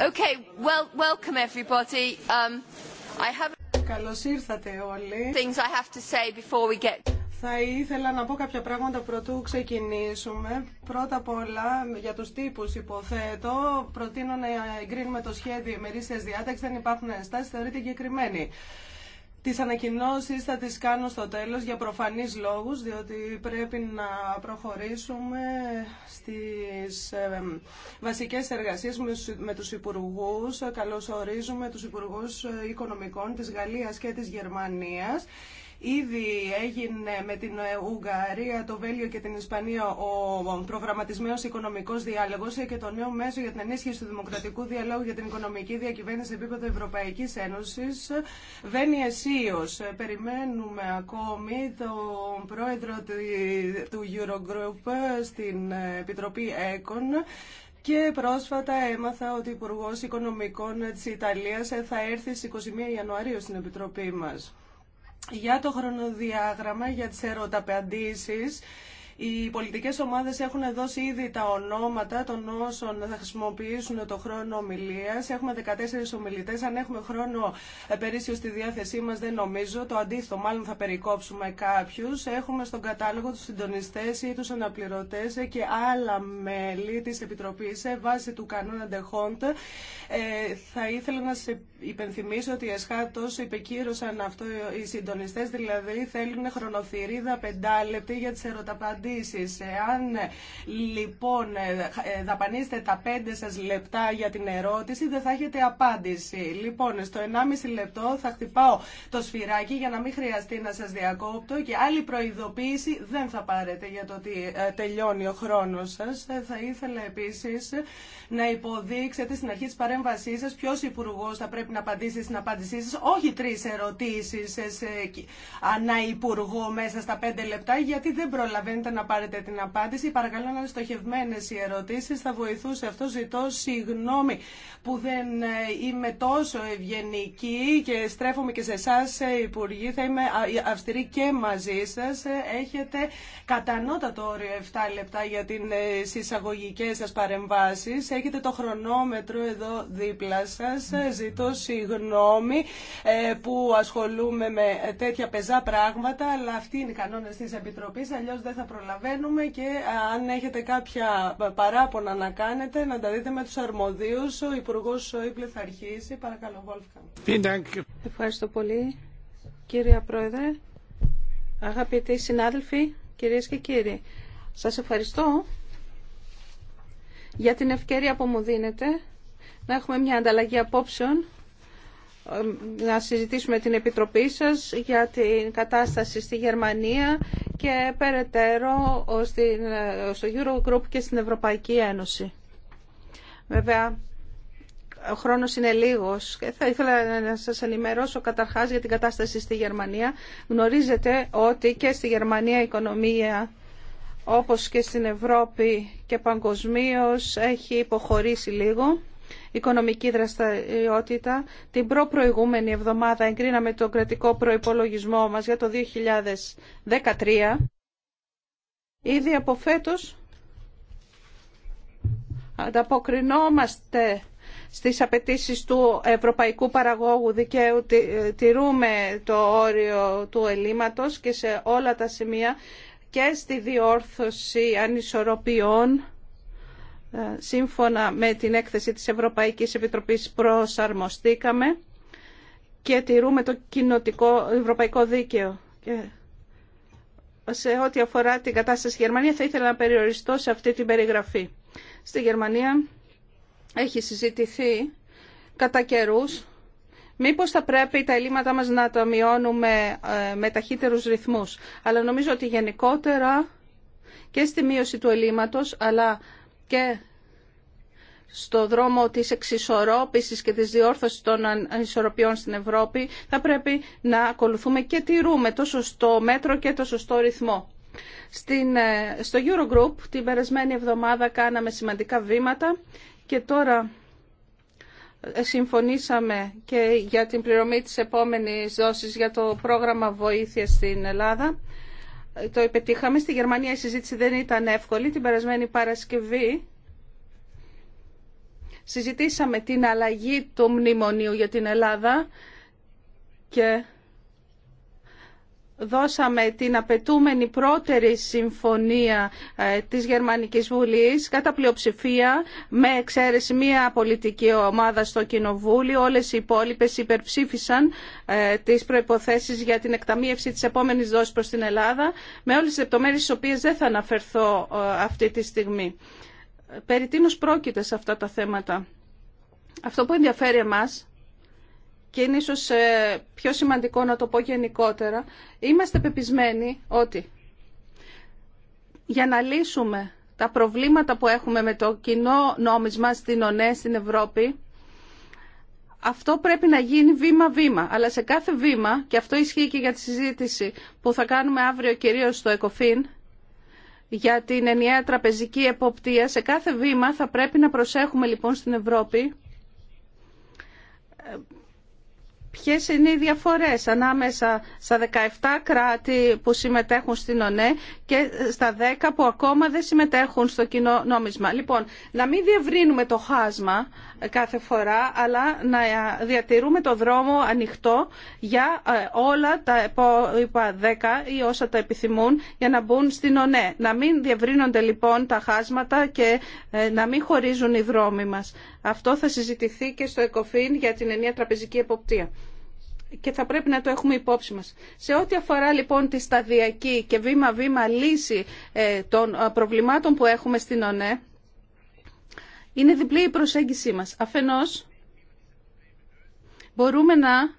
Okay, well, welcome everybody. Um, I have... Καλώς ήρθατε όλοι. Things I have to say before we get... Θα ήθελα να πω κάποια πράγματα πρωτού ξεκινήσουμε. Πρώτα απ' όλα, για τους τύπους υποθέτω, προτείνω να εγκρίνουμε το σχέδιο ημερήσιας διάταξης, δεν υπάρχουν ενστάσεις, θεωρείται εγκεκριμένοι. Τις ανακοινώσει θα τις κάνω στο τέλο, για προφανείς λόγους, διότι πρέπει να προχωρήσουμε στις βασικές εργασίες με τους υπουργού. Καλώς ορίζουμε τους υπουργούς ε, οικονομικών της Γαλλίας και της Γερμανίας. Ήδη έγινε με την Ουγγαρία, το Βέλγιο και την Ισπανία ο προγραμματισμένος οικονομικός διάλογο και το νέο μέσο για την ενίσχυση του δημοκρατικού διαλόγου για την οικονομική διακυβέρνηση σε επίπεδο ευρωπαϊκή Ένωση. βαίνει αισίω Περιμένουμε ακόμη τον πρόεδρο του Eurogroup στην Επιτροπή ΕΚΟΝ και πρόσφατα έμαθα ότι ο Υπουργό Οικονομικών τη Ιταλία θα έρθει στι 21 Ιανουαρίου στην Επιτροπή μα για το χρονοδιάγραμμα, για τις ερωταπαντήσεις. Οι πολιτικές ομάδες έχουν δώσει ήδη τα ονόματα των όσων θα χρησιμοποιήσουν το χρόνο ομιλίας. Έχουμε 14 ομιλητές. Αν έχουμε χρόνο περίσσιο στη διάθεσή μας δεν νομίζω. Το αντίθετο μάλλον θα περικόψουμε κάποιους. Έχουμε στον κατάλογο τους συντονιστές ή τους αναπληρωτές και άλλα μέλη της Επιτροπής σε βάση του κανόνα Ντεχόντ. θα ήθελα να σε υπενθυμίσω ότι εσχάτως υπεκύρωσαν αυτό οι συντονιστές, δηλαδή θέλουν χρονοθυρίδα πεντάλεπτη για τις ερωταπαντήσεις αν Εάν λοιπόν ε, ε, δαπανίσετε τα πέντε σα λεπτά για την ερώτηση, δεν θα έχετε απάντηση. Λοιπόν, στο 1,5 λεπτό θα χτυπάω το σφυράκι για να μην χρειαστεί να σα διακόπτω και άλλη προειδοποίηση δεν θα πάρετε για το ότι ε, τελειώνει ο χρόνο σα. Θα ήθελα επίση να υποδείξετε στην αρχή τη παρέμβασής σα ποιο υπουργό θα πρέπει να απαντήσει στην απάντησή σα, όχι τρει ερωτήσει σε ανά υπουργό μέσα στα πέντε λεπτά, γιατί δεν προλαβαίνετε να πάρετε την απάντηση. Παρακαλώ να είναι στοχευμένε οι ερωτήσει. Θα βοηθούσε αυτό. Ζητώ συγγνώμη που δεν ε, είμαι τόσο ευγενική και στρέφομαι και σε εσά, ε, Υπουργή. Θα είμαι αυστηρή και μαζί σα. Ε, έχετε κατανότατο όριο 7 λεπτά για τι εισαγωγικέ σα παρεμβάσει. Έχετε το χρονόμετρο εδώ δίπλα σα. Ζητώ συγγνώμη που ασχολούμαι με τέτοια πεζά πράγματα, αλλά αυτοί είναι οι κανόνε τη Επιτροπή. Αλλιώ δεν θα και αν έχετε κάποια παράπονα να κάνετε, να τα δείτε με τους αρμοδίους. Ο Υπουργός Σόιπλε θα αρχίσει. Παρακαλώ, Βόλφκα. Ευχαριστώ πολύ, κύριε Πρόεδρε. Αγαπητοί συνάδελφοι, κυρίες και κύριοι, σας ευχαριστώ για την ευκαιρία που μου δίνετε να έχουμε μια ανταλλαγή απόψεων ε, να συζητήσουμε την Επιτροπή σας για την κατάσταση στη Γερμανία και περαιτέρω στην, στο Eurogroup και στην Ευρωπαϊκή Ένωση. Βέβαια, ο χρόνος είναι λίγος και θα ήθελα να σας ενημερώσω καταρχάς για την κατάσταση στη Γερμανία. Γνωρίζετε ότι και στη Γερμανία η οικονομία όπως και στην Ευρώπη και παγκοσμίως, έχει υποχωρήσει λίγο οικονομική δραστηριότητα. Την προπροηγούμενη εβδομάδα εγκρίναμε τον κρατικό προϋπολογισμό μας για το 2013. Ήδη από φέτος ανταποκρινόμαστε στις απαιτήσεις του Ευρωπαϊκού Παραγόγου Δικαίου ε, τηρούμε το όριο του ελλείμματος και σε όλα τα σημεία και στη διόρθωση ανισορροπιών ε, σύμφωνα με την έκθεση της Ευρωπαϊκής Επιτροπής προσαρμοστήκαμε και τηρούμε το κοινοτικό ευρωπαϊκό δίκαιο. Και σε ό,τι αφορά την κατάσταση στη Γερμανία θα ήθελα να περιοριστώ σε αυτή την περιγραφή. Στη Γερμανία έχει συζητηθεί κατά καιρού. Μήπως θα πρέπει τα ελλείμματα μας να τα μειώνουμε ε, με ταχύτερους ρυθμούς. Αλλά νομίζω ότι γενικότερα και στη μείωση του ελλείμματος, αλλά και στο δρόμο της εξισορρόπησης και της διόρθωσης των ανισορροπιών στην Ευρώπη, θα πρέπει να ακολουθούμε και τηρούμε το σωστό μέτρο και το σωστό ρυθμό. Στην, ε, στο Eurogroup την περασμένη εβδομάδα κάναμε σημαντικά βήματα και τώρα ε, συμφωνήσαμε και για την πληρωμή της επόμενης δόσης για το πρόγραμμα βοήθειας στην Ελλάδα. Ε, το επιτύχαμε. Στη Γερμανία η συζήτηση δεν ήταν εύκολη. Την περασμένη Παρασκευή συζητήσαμε την αλλαγή του μνημονίου για την Ελλάδα και δώσαμε την απαιτούμενη πρώτερη συμφωνία ε, της Γερμανικής Βουλής κατά πλειοψηφία με εξαίρεση μία πολιτική ομάδα στο Κοινοβούλιο. Όλες οι υπόλοιπες υπερψήφισαν ε, τις προϋποθέσεις για την εκταμείευση της επόμενης δόσης προς την Ελλάδα με όλες τις λεπτομέρειες στις οποίες δεν θα αναφερθώ ε, αυτή τη στιγμή περί τίνος πρόκειται σε αυτά τα θέματα. Αυτό που ενδιαφέρει εμάς και είναι ίσως ε, πιο σημαντικό να το πω γενικότερα, είμαστε πεπισμένοι ότι για να λύσουμε τα προβλήματα που έχουμε με το κοινό νόμισμα στην ΟΝΕ, στην Ευρώπη, αυτό πρέπει να γίνει βήμα-βήμα. Αλλά σε κάθε βήμα, και αυτό ισχύει και για τη συζήτηση που θα κάνουμε αύριο κυρίως στο ΕΚΟΦΗΝ, για την ενιαία τραπεζική εποπτεία. Σε κάθε βήμα θα πρέπει να προσέχουμε λοιπόν στην Ευρώπη ποιες είναι οι διαφορές ανάμεσα στα 17 κράτη που συμμετέχουν στην ΟΝΕ και στα 10 που ακόμα δεν συμμετέχουν στο κοινό νόμισμα. Λοιπόν, να μην διευρύνουμε το χάσμα κάθε φορά, αλλά να διατηρούμε το δρόμο ανοιχτό για ε, όλα τα υπόλοιπα δέκα ή όσα τα επιθυμούν για να μπουν στην ΟΝΕ. Να μην διευρύνονται λοιπόν τα χάσματα και ε, να μην χωρίζουν οι δρόμοι μας. Αυτό θα συζητηθεί και στο ΕΚΟΦΗΝ για την ενία τραπεζική εποπτεία και θα πρέπει να το έχουμε υπόψη μας. Σε ό,τι αφορά λοιπόν τη σταδιακή και βήμα-βήμα λύση ε, των προβλημάτων που έχουμε στην ΟΝΕ, είναι διπλή η προσέγγιση μας. Αφενός, μπορούμε να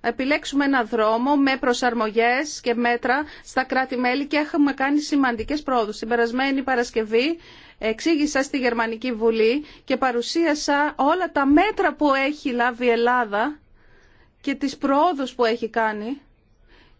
επιλέξουμε ένα δρόμο με προσαρμογές και μέτρα στα κράτη-μέλη και έχουμε κάνει σημαντικές πρόοδους. Την περασμένη Παρασκευή εξήγησα στη Γερμανική Βουλή και παρουσίασα όλα τα μέτρα που έχει λάβει η Ελλάδα και τις πρόοδους που έχει κάνει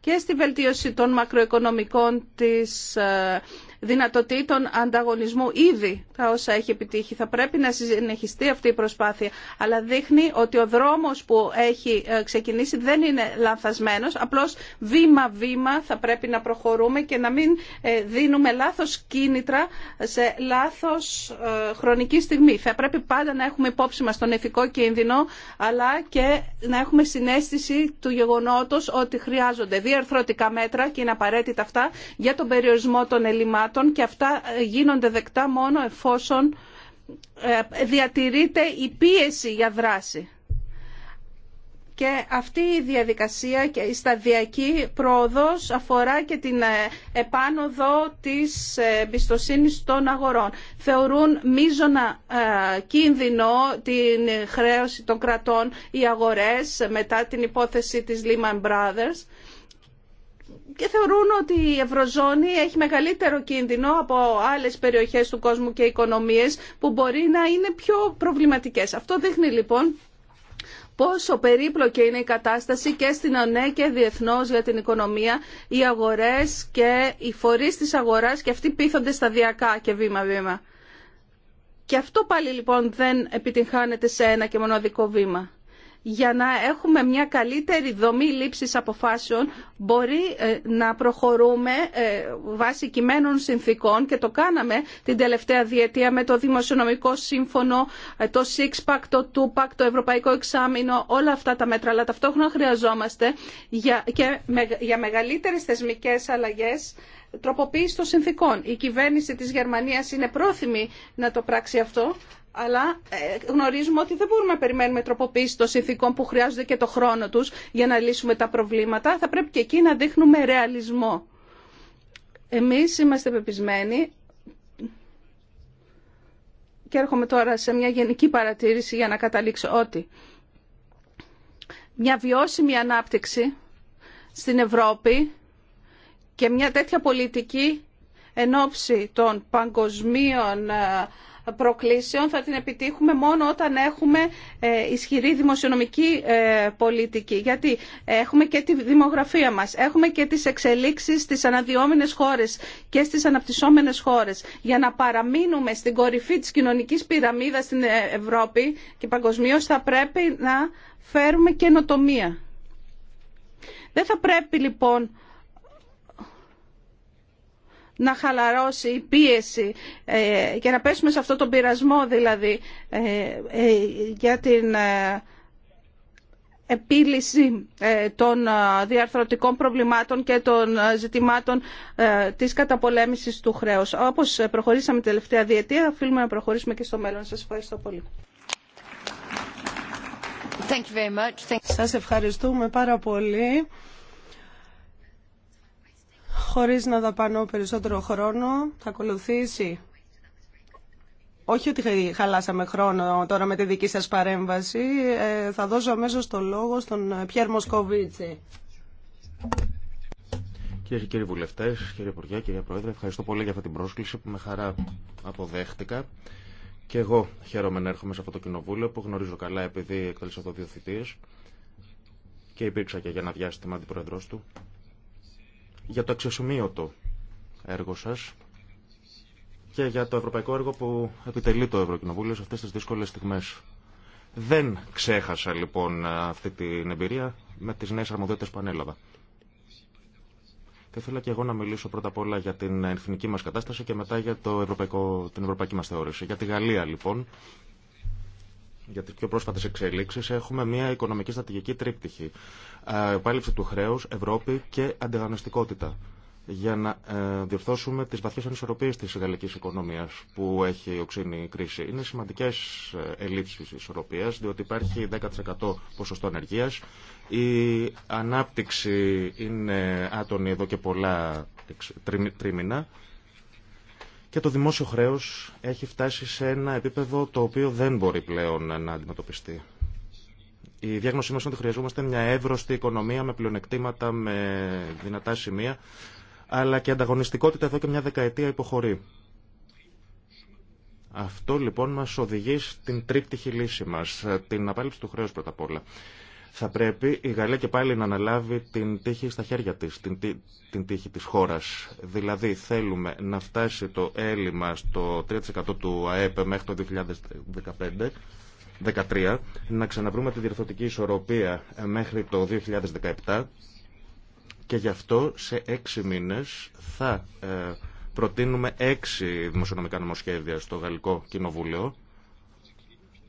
και στη βελτίωση των μακροοικονομικών της ε, δυνατοτήτων ανταγωνισμού ήδη τα όσα έχει επιτύχει. Θα πρέπει να συνεχιστεί αυτή η προσπάθεια. Αλλά δείχνει ότι ο δρόμος που έχει ε, ξεκινήσει δεν ειναι λανθασμενο λανθασμένος. Απλώς βήμα-βήμα θα πρέπει να προχωρούμε και να μην ε, δίνουμε λάθος κίνητρα σε λάθος ε, χρονική στιγμή. Θα πρέπει πάντα να έχουμε υπόψη μας τον ηθικό κίνδυνο, αλλά και να έχουμε συνέστηση του γεγονότος ότι χρειάζονται διαρθρωτικά μέτρα και είναι απαραίτητα αυτά για τον περιορισμό των ελλημάτων και αυτά γίνονται δεκτά μόνο εφόσον ε, διατηρείται η πίεση για δράση. Και αυτή η διαδικασία και η σταδιακή πρόοδος αφορά και την ε, επάνωδο της ε, εμπιστοσύνη των αγορών. Θεωρούν μίζωνα κίνδυνο την χρέωση των κρατών οι αγορές μετά την υπόθεση της Lehman Brothers και θεωρούν ότι η Ευρωζώνη έχει μεγαλύτερο κίνδυνο από άλλες περιοχές του κόσμου και οικονομίες που μπορεί να είναι πιο προβληματικές. Αυτό δείχνει λοιπόν πόσο περίπλοκη είναι η κατάσταση και στην ΟΝΕ και διεθνώς για την οικονομία, οι αγορές και οι φορείς της αγοράς και αυτοί πείθονται σταδιακά και βήμα-βήμα. Και αυτό πάλι λοιπόν δεν επιτυγχάνεται σε ένα και μοναδικό βήμα για να έχουμε μια καλύτερη δομή λήψης αποφάσεων μπορεί ε, να προχωρούμε ε, βάσει κειμένων συνθήκων και το κάναμε την τελευταία διετία με το Δημοσιονομικό Σύμφωνο, ε, το six το ΤΟΥΠΑΚ, το Ευρωπαϊκό Εξάμεινο, όλα αυτά τα μέτρα. Αλλά ταυτόχρονα χρειαζόμαστε για, και για μεγαλύτερες θεσμικές αλλαγές τροποποίηση των συνθήκων. Η κυβέρνηση της Γερμανίας είναι πρόθυμη να το πράξει αυτό, αλλά ε, γνωρίζουμε ότι δεν μπορούμε να περιμένουμε τροποποίηση των συνθήκων που χρειάζονται και το χρόνο τους για να λύσουμε τα προβλήματα. Θα πρέπει και εκεί να δείχνουμε ρεαλισμό. Εμείς είμαστε πεπισμένοι και έρχομαι τώρα σε μια γενική παρατήρηση για να καταλήξω ότι μια βιώσιμη ανάπτυξη στην Ευρώπη και μια τέτοια πολιτική εν ώψη των παγκοσμίων ε, προκλήσεων θα την επιτύχουμε μόνο όταν έχουμε ε, ισχυρή δημοσιονομική ε, πολιτική. Γιατί έχουμε και τη δημογραφία μας, έχουμε και τις εξελίξεις στις αναδυόμενες χώρες και στις αναπτυσσόμενες χώρες. Για να παραμείνουμε στην κορυφή της κοινωνικής πυραμίδας στην ε, Ευρώπη και παγκοσμίω θα πρέπει να φέρουμε καινοτομία. Δεν θα πρέπει λοιπόν να χαλαρώσει η πίεση ε, και να πέσουμε σε αυτό τον πειρασμό δηλαδή ε, ε, για την επίλυση των διαρθρωτικών προβλημάτων και των ζητημάτων της καταπολέμησης του χρέους. Όπως προχωρήσαμε τελευταία διετία, οφείλουμε να προχωρήσουμε και στο μέλλον. Σας ευχαριστώ πολύ. Thank you Σας ευχαριστούμε πάρα πολύ. Χωρίς να δαπανώ περισσότερο χρόνο, θα ακολουθήσει. Όχι ότι χαλάσαμε χρόνο τώρα με τη δική σας παρέμβαση. Ε, θα δώσω αμέσως το λόγο στον ε, Πιέρ Μοσκοβίτσι. Κυρίε και κύριοι βουλευτέ, κύριε Υπουργέ, κύριε Πρόεδρε, ευχαριστώ πολύ για αυτή την πρόσκληση που με χαρά αποδέχτηκα. Και εγώ χαίρομαι να έρχομαι σε αυτό το κοινοβούλιο που γνωρίζω καλά επειδή εκτελέσα το δύο θητείε και υπήρξα και για ένα διάστημα αντιπρόεδρο του για το αξιοσημείωτο έργο σας και για το ευρωπαϊκό έργο που επιτελεί το Ευρωκοινοβούλιο σε αυτές τις δύσκολες στιγμές. Δεν ξέχασα λοιπόν αυτή την εμπειρία με τις νέε αρμοδιότητες που ανέλαβα. Θα ήθελα και εγώ να μιλήσω πρώτα απ' όλα για την εθνική μας κατάσταση και μετά για το ευρωπαϊκό, την ευρωπαϊκή μας θεώρηση. Για τη Γαλλία λοιπόν για τι πιο πρόσφατε εξελίξει έχουμε μια οικονομική στρατηγική τρίπτυχη. Ε, επάλυψη του χρέου Ευρώπη και ανταγωνιστικότητα για να ε, διορθώσουμε τις βαθιές ανισορροπίες της γαλλική οικονομίας που έχει οξύνει η κρίση. Είναι σημαντικές τη ε, ισορροπία, διότι υπάρχει 10% ποσοστό ανεργία. Η ανάπτυξη είναι άτονη εδώ και πολλά τρίμηνα και το δημόσιο χρέος έχει φτάσει σε ένα επίπεδο το οποίο δεν μπορεί πλέον να αντιμετωπιστεί. Η διάγνωσή μας είναι ότι χρειαζόμαστε μια εύρωστη οικονομία με πλεονεκτήματα, με δυνατά σημεία, αλλά και ανταγωνιστικότητα εδώ και μια δεκαετία υποχωρεί. Αυτό λοιπόν μας οδηγεί στην τρίπτυχη λύση μας, την απάλληψη του χρέους πρώτα απ' όλα. Θα πρέπει η Γαλλία και πάλι να αναλάβει την τύχη στα χέρια της, την, την τύχη της χώρας. Δηλαδή θέλουμε να φτάσει το έλλειμμα στο 3% του ΑΕΠ μέχρι το 2015 13, να ξαναβρούμε τη διορθωτική ισορροπία μέχρι το 2017 και γι' αυτό σε έξι μήνες θα ε, προτείνουμε έξι δημοσιονομικά νομοσχέδια στο Γαλλικό Κοινοβούλιο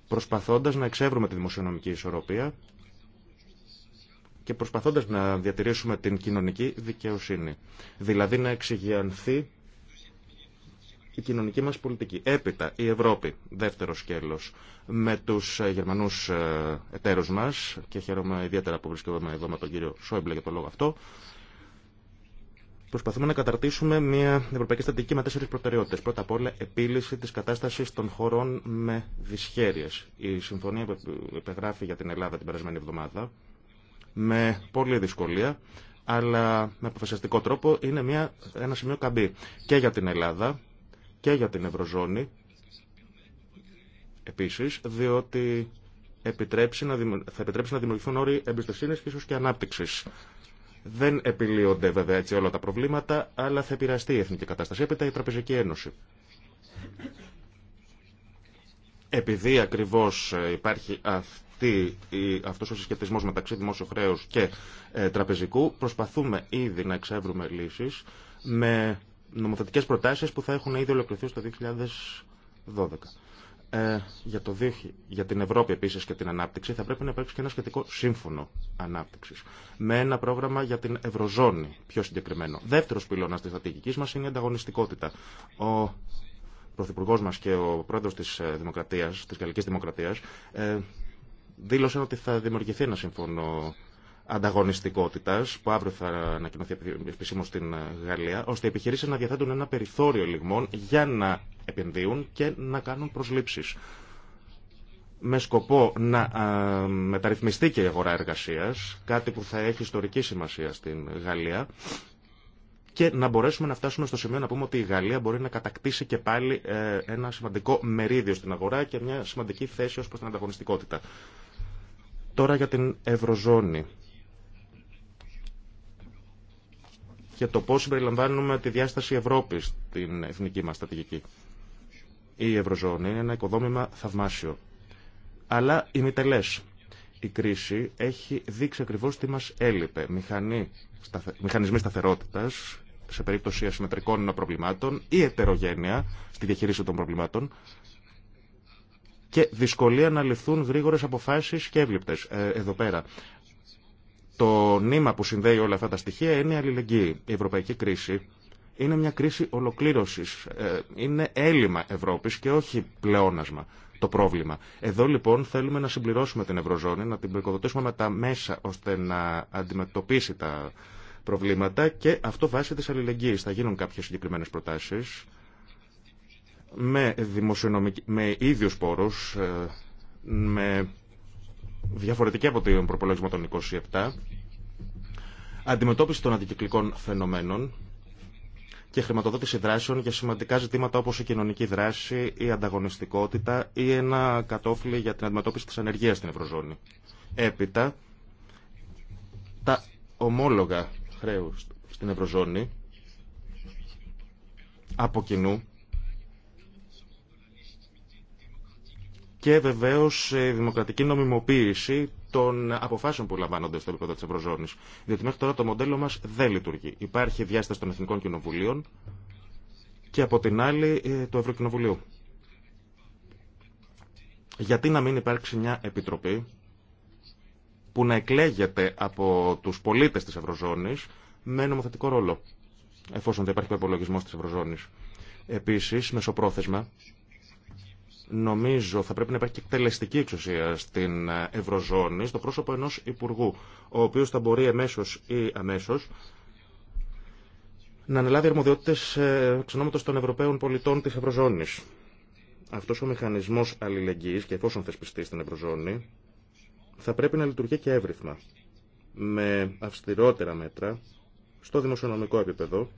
προσπαθώντας να εξεύρουμε τη δημοσιονομική ισορροπία και προσπαθώντας να διατηρήσουμε την κοινωνική δικαιοσύνη. Δηλαδή να εξηγιανθεί η κοινωνική μας πολιτική. Έπειτα η Ευρώπη, δεύτερο σκέλος, με τους ε, Γερμανούς ε, εταίρους μας και χαίρομαι ιδιαίτερα που βρίσκομαι εδώ με τον κύριο Σόιμπλε για το λόγο αυτό. Προσπαθούμε να καταρτήσουμε μια ευρωπαϊκή στρατηγική με τέσσερι προτεραιότητε. Πρώτα απ' όλα, επίλυση τη κατάσταση των χωρών με δυσχέρειε. Η συμφωνία που επεγράφει για την Ελλάδα την περασμένη εβδομάδα με πολλή δυσκολία, αλλά με αποφασιστικό τρόπο είναι μια, ένα σημείο καμπή και για την Ελλάδα και για την Ευρωζώνη επίσης, διότι να θα επιτρέψει να δημιουργηθούν όροι εμπιστοσύνη και ίσως και ανάπτυξης. Δεν επιλύονται βέβαια έτσι όλα τα προβλήματα, αλλά θα επηρεαστεί η εθνική κατάσταση. Έπειτα η Τραπεζική Ένωση. Επειδή ακριβώς ε, υπάρχει αυτή, αυτός ο συσχετισμός μεταξύ δημόσιο χρέους και ε, τραπεζικού, προσπαθούμε ήδη να εξεύρουμε λύσεις με νομοθετικές προτάσεις που θα έχουν ήδη ολοκληρωθεί στο 2012. Ε, για, το, για την Ευρώπη επίσης και την ανάπτυξη θα πρέπει να υπάρξει και ένα σχετικό σύμφωνο ανάπτυξης με ένα πρόγραμμα για την Ευρωζώνη πιο συγκεκριμένο. Δεύτερος πυλώνας της στρατηγικής μας είναι η ανταγωνιστικότητα. Ο πρωθυπουργό μα και ο πρόεδρο τη ε, Δημοκρατία, τη Γαλλική Δημοκρατία, ε, δήλωσαν ότι θα δημιουργηθεί ένα σύμφωνο ανταγωνιστικότητα που αύριο θα ανακοινωθεί επισήμω στην ε, Γαλλία, ώστε οι επιχειρήσει να διαθέτουν ένα περιθώριο λιγμών για να επενδύουν και να κάνουν προσλήψει. Με σκοπό να μεταρρυθμιστεί και η αγορά εργασία, κάτι που θα έχει ιστορική σημασία στην Γαλλία και να μπορέσουμε να φτάσουμε στο σημείο να πούμε ότι η Γαλλία μπορεί να κατακτήσει και πάλι ε, ένα σημαντικό μερίδιο στην αγορά και μια σημαντική θέση ως προς την ανταγωνιστικότητα. Τώρα για την Ευρωζώνη. Για το πώς συμπεριλαμβάνουμε τη διάσταση Ευρώπης στην εθνική μας στρατηγική. Η Ευρωζώνη είναι ένα οικοδόμημα θαυμάσιο. Αλλά ημιτελέ η κρίση έχει δείξει ακριβώς τι μας έλειπε. Μηχανή, μηχανισμοί σταθερότητας σε περίπτωση ασυμμετρικών προβλημάτων ή ετερογένεια στη διαχείριση των προβλημάτων και δυσκολία να ληφθούν γρήγορες αποφάσεις και εύληπτες. Ε, εδώ πέρα το νήμα που συνδέει όλα αυτά τα στοιχεία είναι η αλληλεγγύη. Η ευρωπαϊκή κρίση είναι μια κρίση ολοκλήρωσης. Ε, είναι έλλειμμα Ευρώπης και δυσκολια να ληφθουν γρηγορες αποφασεις και ε εδω περα το νημα που συνδεει ολα αυτα τα στοιχεια πλεόνασμα το πρόβλημα. Εδώ λοιπόν θέλουμε να συμπληρώσουμε την Ευρωζώνη, να την προοικοδοτήσουμε με τα μέσα ώστε να αντιμετωπίσει τα προβλήματα και αυτό βάσει της αλληλεγγύης. Θα γίνουν κάποιες συγκεκριμένες προτάσεις με, δημοσιονομική με ίδιους πόρους, ε, με διαφορετική από τον προπολογισμό των 27, αντιμετώπιση των αντικυκλικών φαινομένων, και χρηματοδότηση δράσεων για σημαντικά ζητήματα όπως η κοινωνική δράση, η ανταγωνιστικότητα ή ένα κατόφλι για την αντιμετώπιση τη ανεργία στην Ευρωζώνη. Έπειτα, τα ομόλογα χρέου στην Ευρωζώνη από κοινού και βεβαίως η ε, δημοκρατική νομιμοποίηση των αποφάσεων που λαμβάνονται στο επίπεδο τη Ευρωζώνη. Διότι μέχρι τώρα το μοντέλο μα δεν λειτουργεί. Υπάρχει διάσταση των Εθνικών Κοινοβουλίων και από την άλλη ε, του Ευρωκοινοβουλίου. Γιατί να μην υπάρξει μια επιτροπή που να εκλέγεται από τους πολίτες της Ευρωζώνης με νομοθετικό ρόλο, εφόσον δεν υπάρχει υπολογισμό της Ευρωζώνης. Επίσης, μεσοπρόθεσμα, Νομίζω θα πρέπει να υπάρχει και εκτελεστική εξουσία στην ε, Ευρωζώνη, στο πρόσωπο ενός Υπουργού, ο οποίος θα μπορεί εμέσως ή αμέσως να ανελάβει αρμοδιότητες ε, ξενόματος των Ευρωπαίων πολιτών της Ευρωζώνης. Αυτός ο μηχανισμός αλληλεγγύης και εφόσον θεσπιστεί στην Ευρωζώνη θα πρέπει να λειτουργεί και εύρυθμα, με αυστηρότερα μέτρα, στο δημοσιονομικό επίπεδο,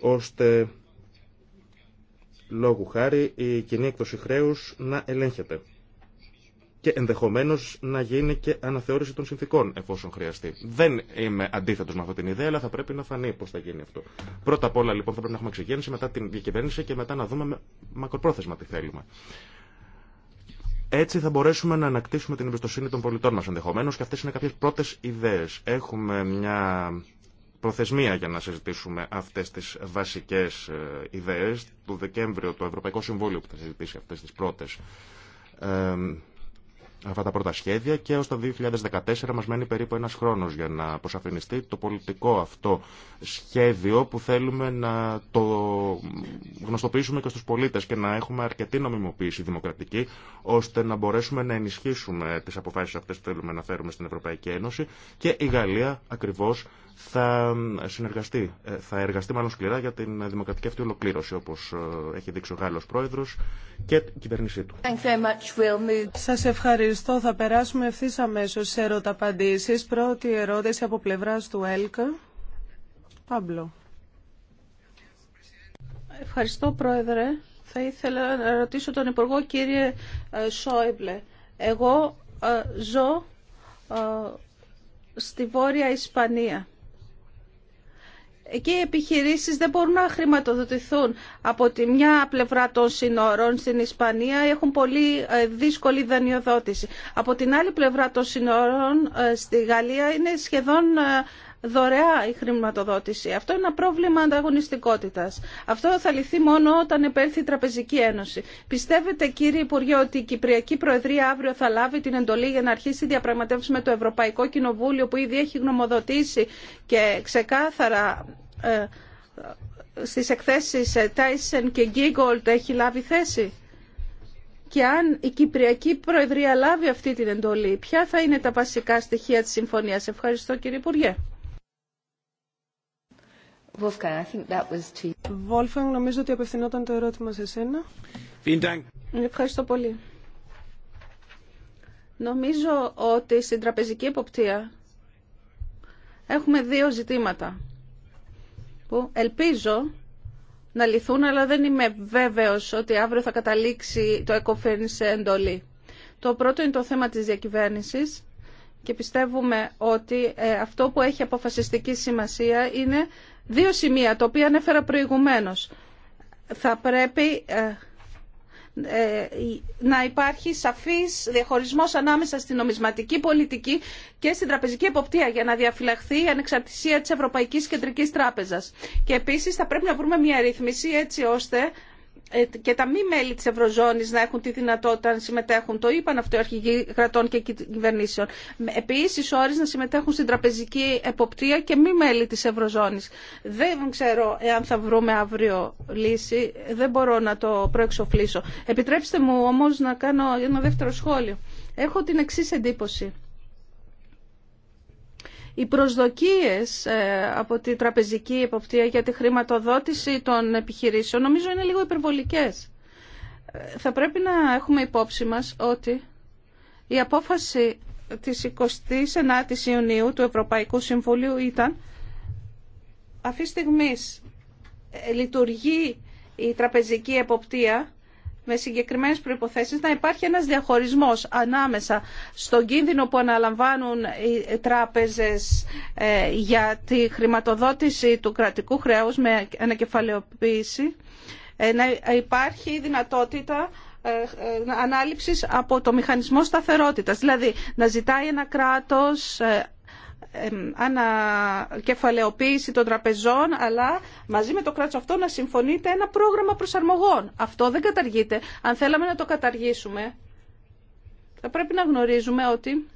ώστε λόγου χάρη η κοινή έκδοση χρέου να ελέγχεται και ενδεχομένω να γίνει και αναθεώρηση των συνθήκων εφόσον χρειαστεί. Δεν είμαι αντίθετο με αυτή την ιδέα, αλλά θα πρέπει να φανεί πώ θα γίνει αυτό. Πρώτα απ' όλα λοιπόν θα πρέπει να έχουμε εξηγέννηση, μετά την διακυβέρνηση και μετά να δούμε μακροπρόθεσμα τι θέλουμε. Έτσι θα μπορέσουμε να ανακτήσουμε την εμπιστοσύνη των πολιτών μα ενδεχομένω και αυτέ είναι κάποιε πρώτε ιδέε. Έχουμε μια προθεσμία για να συζητήσουμε αυτές τις βασικές ε, ιδέες. Το Δεκέμβριο το Ευρωπαϊκό Συμβούλιο που θα συζητήσει αυτές τις πρώτες αυτά τα πρώτα σχέδια και έως το 2014 μας μένει περίπου ένας χρόνος για να αποσαφινιστεί το πολιτικό αυτό σχέδιο που θέλουμε να το γνωστοποιήσουμε και στους πολίτες και να έχουμε αρκετή νομιμοποίηση δημοκρατική ώστε να μπορέσουμε να ενισχύσουμε τις αποφάσεις αυτές που θέλουμε να φέρουμε στην Ευρωπαϊκή Ένωση και η Γαλλία ακριβώς θα συνεργαστεί, ε, θα εργαστεί μάλλον σκληρά για την δημοκρατική αυτή ολοκλήρωση, όπως ε, έχει δείξει ο Γάλλος Πρόεδρος και η κυβέρνησή του. Σας ευχαριστώ. Θα περάσουμε ευθύ αμέσω σε ερωταπαντήσει. Πρώτη ερώτηση από πλευράς του ΕΛΚΑ. Παμπλό Ευχαριστώ, Πρόεδρε. Θα ήθελα να ρωτήσω τον Υπουργό, κύριε ε, Σόιμπλε. Εγώ ζω στη Βόρεια Ισπανία Εκεί οι επιχειρήσεις δεν μπορούν να χρηματοδοτηθούν από τη μια πλευρά των σύνορων στην Ισπανία έχουν πολύ ε, δύσκολη δανειοδότηση. Από την άλλη πλευρά των σύνορων ε, στη Γαλλία είναι σχεδόν ε, δωρεά η χρηματοδότηση. Αυτό είναι ένα πρόβλημα ανταγωνιστικότητα. Αυτό θα λυθεί μόνο όταν επέλθει η Τραπεζική Ένωση. Πιστεύετε κύριε Υπουργέ ότι η Κυπριακή Προεδρία αύριο θα λάβει την εντολή για να αρχίσει διαπραγματεύσει με το Ευρωπαϊκό Κοινοβούλιο που ήδη έχει γνωμοδοτήσει και ξεκάθαρα ε, στις εκθέσεις ε, Tyson και Giggold έχει λάβει θέση. Και αν η Κυπριακή Προεδρία λάβει αυτή την εντολή, ποια θα είναι τα βασικά στοιχεία της συμφωνίας. Ευχαριστώ κύριε Υπουργέ. Wolfgang, νομίζω ότι απευθυνόταν το ερώτημα σε σένα. Ευχαριστώ πολύ. Νομίζω ότι στην τραπεζική εποπτεία έχουμε δύο ζητήματα που ελπίζω να λυθούν, αλλά δεν είμαι βέβαιος ότι αύριο θα καταλήξει το ΕΚΟΦΕΝ σε εντολή. Το πρώτο είναι το θέμα της διακυβέρνησης και πιστεύουμε ότι ε, αυτό που έχει αποφασιστική σημασία είναι Δύο σημεία, τα οποία ανέφερα προηγουμένως. Θα πρέπει ε, ε, να υπάρχει σαφής διαχωρισμός ανάμεσα στην νομισματική πολιτική και στην τραπεζική εποπτεία για να διαφυλαχθεί η ανεξαρτησία της Ευρωπαϊκής Κεντρικής Τράπεζας. Και επίσης θα πρέπει να βρούμε μια ρύθμιση έτσι ώστε ε, και τα μη μέλη της Ευρωζώνης να έχουν τη δυνατότητα να συμμετέχουν. Το είπαν αυτό οι αρχηγοί κρατών και κυβερνήσεων. Επίσης όρις να συμμετέχουν στην τραπεζική εποπτεία και μη μέλη της Ευρωζώνης. Δεν ξέρω εάν θα βρούμε αύριο λύση. Δεν μπορώ να το προεξοφλήσω. Επιτρέψτε μου όμως να κάνω ένα δεύτερο σχόλιο. Έχω την εξή εντύπωση οι προσδοκίες ε, από τη τραπεζική εποπτεία για τη χρηματοδότηση των επιχειρήσεων νομίζω είναι λίγο υπερβολικές. Ε, θα πρέπει να έχουμε υπόψη μας ότι η απόφαση της 29ης Ιουνίου του Ευρωπαϊκού Συμβουλίου ήταν αυτή τη στιγμή ε, λειτουργεί η τραπεζική εποπτεία με συγκεκριμένες προϋποθέσεις να υπάρχει ένας διαχωρισμός ανάμεσα στον κίνδυνο που αναλαμβάνουν οι τράπεζες ε, για τη χρηματοδότηση του κρατικού χρέους με ανακεφαλαιοποίηση ε, να υπάρχει δυνατότητα ε, ανάληψης από το μηχανισμό σταθερότητας. Δηλαδή να ζητάει ένα κράτος ανακεφαλαιοποίηση των τραπεζών, αλλά μαζί με το κράτος αυτό να συμφωνείτε ένα πρόγραμμα προσαρμογών. Αυτό δεν καταργείται. Αν θέλαμε να το καταργήσουμε, θα πρέπει να γνωρίζουμε ότι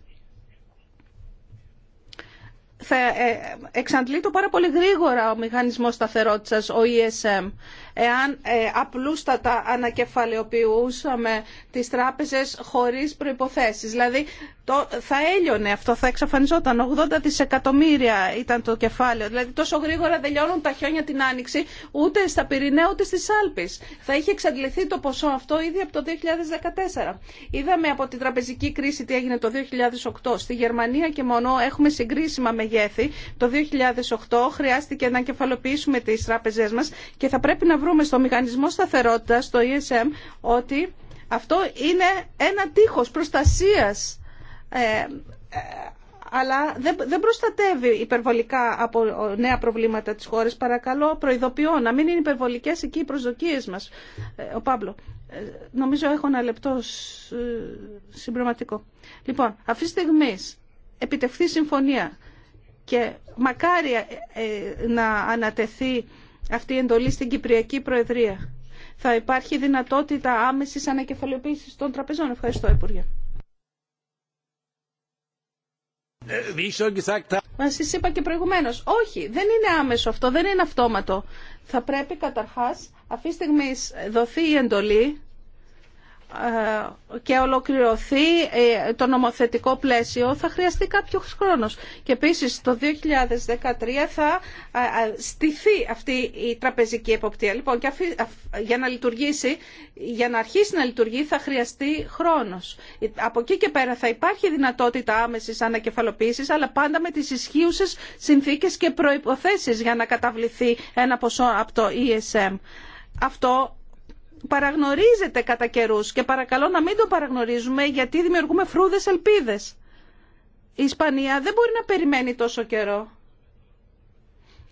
θα ε, ε, εξαντλεί το πάρα πολύ γρήγορα ο μηχανισμός σταθερότητας, ο ESM εάν ε, απλούστατα ανακεφαλαιοποιούσαμε τις τράπεζες χωρίς προϋποθέσεις. Δηλαδή το, θα έλειωνε αυτό, θα εξαφανιζόταν. 80 δισεκατομμύρια ήταν το κεφάλαιο. Δηλαδή τόσο γρήγορα δεν λιώνουν τα χιόνια την Άνοιξη ούτε στα Πυρηναία ούτε στις Άλπεις. Θα είχε εξαντληθεί το ποσό αυτό ήδη από το 2014. Είδαμε από την τραπεζική κρίση τι έγινε το 2008. Στη Γερμανία και μόνο έχουμε συγκρίσιμα μεγέθη. Το 2008 χρειάστηκε να κεφαλοποιήσουμε τις τράπεζές μας και θα πρέπει να βρούμε βρούμε στο μηχανισμό σταθερότητας, στο ESM, ότι αυτό είναι ένα τείχος προστασίας ε, ε, αλλά δεν, δεν προστατεύει υπερβολικά από νέα προβλήματα της χώρας. Παρακαλώ, προειδοποιώ να μην είναι υπερβολικές εκεί οι προσδοκίες μας. Ε, ο Παύλο, νομίζω έχω ένα λεπτό συμπληρωματικό. Λοιπόν, αυτή τη στιγμή επιτευχθεί συμφωνία και μακάρι να ανατεθεί αυτή η εντολή στην Κυπριακή Προεδρία. Θα υπάρχει δυνατότητα άμεσης ανακεφαλαιοποίησης των τραπεζών. Ευχαριστώ, Υπουργέ. Ε, Μα σα είπα και προηγουμένω, όχι, δεν είναι άμεσο αυτό, δεν είναι αυτόματο. Θα πρέπει καταρχά, αυτή τη στιγμή δοθεί η εντολή και ολοκληρωθεί ε, το νομοθετικό πλαίσιο θα χρειαστεί κάποιο χρόνος. Και επίσης το 2013 θα στηθεί αυτή η τραπεζική εποπτεία. Λοιπόν, και για να λειτουργήσει, για να αρχίσει να λειτουργεί θα χρειαστεί χρόνος. Από εκεί και πέρα θα υπάρχει δυνατότητα άμεσης ανακεφαλοποίησης, αλλά πάντα με τις ισχύουσες συνθήκες και προϋποθέσεις για να καταβληθεί ένα ποσό από το ESM. Αυτό παραγνωρίζεται κατά καιρού και παρακαλώ να μην το παραγνωρίζουμε γιατί δημιουργούμε φρούδες ελπίδες. Η Ισπανία δεν μπορεί να περιμένει τόσο καιρό.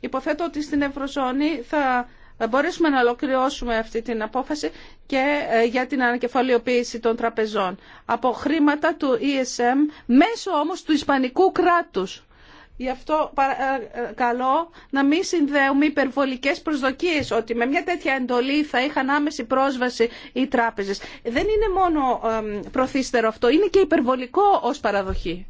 Υποθέτω ότι στην Ευρωζώνη θα μπορέσουμε να ολοκληρώσουμε αυτή την απόφαση και ε, για την ανακεφαλαιοποίηση των τραπεζών από χρήματα του ESM μέσω όμως του Ισπανικού κράτους Γι' αυτό καλό να μην συνδέουμε υπερβολικέ προσδοκίε, ότι με μια τέτοια εντολή θα είχαν άμεση πρόσβαση οι τράπεζε. Δεν είναι μόνο προθύστερο αυτό, είναι και υπερβολικό ω παραδοχή.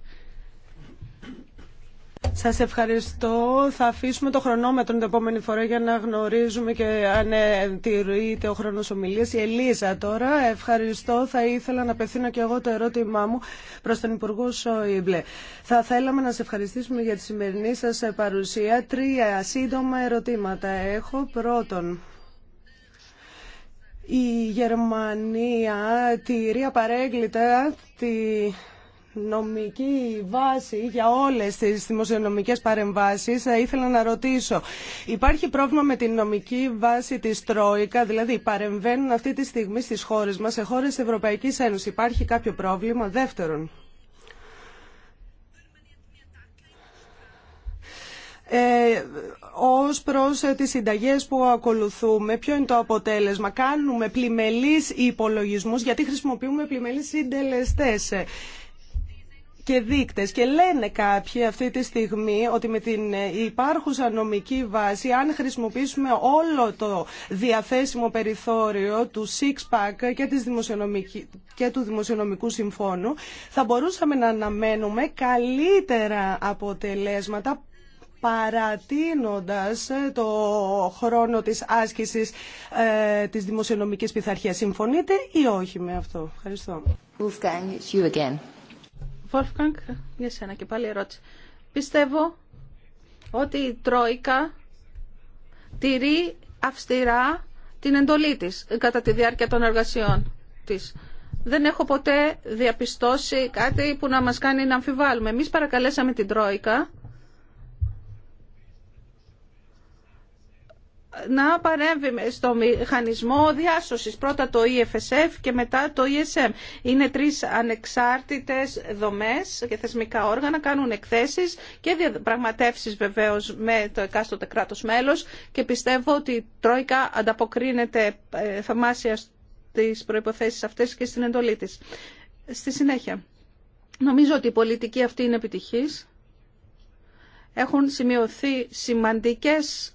Σας ευχαριστώ. Θα αφήσουμε το χρονόμετρο την επόμενη φορά για να γνωρίζουμε και αν ε, τηρείται ο χρόνος ομιλίας. Η Ελίζα τώρα. Ευχαριστώ. Θα ήθελα να απευθύνω και εγώ το ερώτημά μου προς τον Υπουργό Σόιμπλε. Θα θέλαμε να σε ευχαριστήσουμε για τη σημερινή σας παρουσία. Τρία σύντομα ερωτήματα έχω. Πρώτον, η Γερμανία τηρεί απαρέγκλητα τη νομική βάση για όλες τις δημοσιονομικές παρεμβάσεις, θα ήθελα να ρωτήσω. Υπάρχει πρόβλημα με την νομική βάση της Τρόικα, δηλαδή παρεμβαίνουν αυτή τη στιγμή στις χώρες μας, σε χώρες της Ευρωπαϊκής Ένωσης. Υπάρχει κάποιο πρόβλημα. Δεύτερον, ε, προ προς τις συνταγές που ακολουθούμε, ποιο είναι το αποτέλεσμα. Κάνουμε πλημελείς υπολογισμούς, γιατί χρησιμοποιούμε πλημελείς συντελεστές και Και λένε κάποιοι αυτή τη στιγμή ότι με την ε, υπάρχουσα νομική βάση, αν χρησιμοποιήσουμε όλο το διαθέσιμο περιθώριο του six-pack και, της και του Δημοσιονομικού Συμφώνου, θα μπορούσαμε να αναμένουμε καλύτερα αποτελέσματα παρατείνοντας ε, το χρόνο της άσκησης ε, της δημοσιονομικής πειθαρχίας. Συμφωνείτε ή όχι με αυτό. Ευχαριστώ. Wolfgang, για σένα και πάλι Πιστεύω ότι η Τρόικα τηρεί αυστηρά την εντολή της κατά τη διάρκεια των εργασιών της. Δεν έχω ποτέ διαπιστώσει κάτι που να μας κάνει να αμφιβάλλουμε. Εμείς παρακαλέσαμε την Τρόικα να παρέμβει στο μηχανισμό διάσωσης. Πρώτα το EFSF και μετά το ESM. Είναι τρεις ανεξάρτητες δομές και θεσμικά όργανα, κάνουν εκθέσεις και διαπραγματεύσεις βεβαίως με το εκάστοτε κράτος μέλος και πιστεύω ότι η Τρόικα ανταποκρίνεται ε, θαυμάσια στις προϋποθέσεις αυτές και στην εντολή της. Στη συνέχεια, νομίζω ότι η πολιτική αυτή είναι επιτυχής. Έχουν σημειωθεί σημαντικές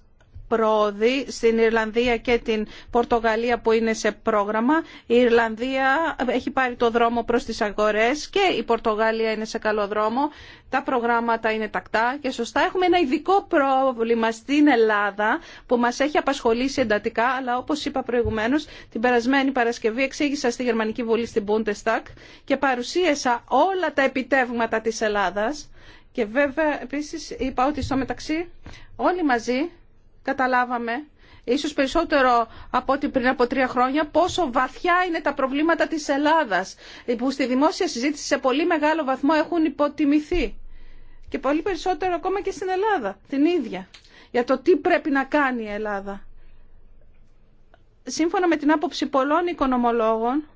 στην Ιρλανδία και την Πορτογαλία που είναι σε πρόγραμμα. Η Ιρλανδία έχει πάρει το δρόμο προς τις αγορές και η Πορτογαλία είναι σε καλό δρόμο. Τα προγράμματα είναι τακτά και σωστά. Έχουμε ένα ειδικό πρόβλημα στην Ελλάδα που μας έχει απασχολήσει εντατικά, αλλά όπως είπα προηγουμένως, την περασμένη Παρασκευή εξήγησα στη Γερμανική Βουλή στην Bundestag και παρουσίασα όλα τα επιτεύγματα της Ελλάδας. Και βέβαια, επίσης, είπα ότι στο μεταξύ όλοι μαζί καταλάβαμε, ίσως περισσότερο από ό,τι πριν από τρία χρόνια, πόσο βαθιά είναι τα προβλήματα της Ελλάδας, που στη δημόσια συζήτηση σε πολύ μεγάλο βαθμό έχουν υποτιμηθεί. Και πολύ περισσότερο ακόμα και στην Ελλάδα, την ίδια, για το τι πρέπει να κάνει η Ελλάδα. Σύμφωνα με την άποψη πολλών οικονομολόγων,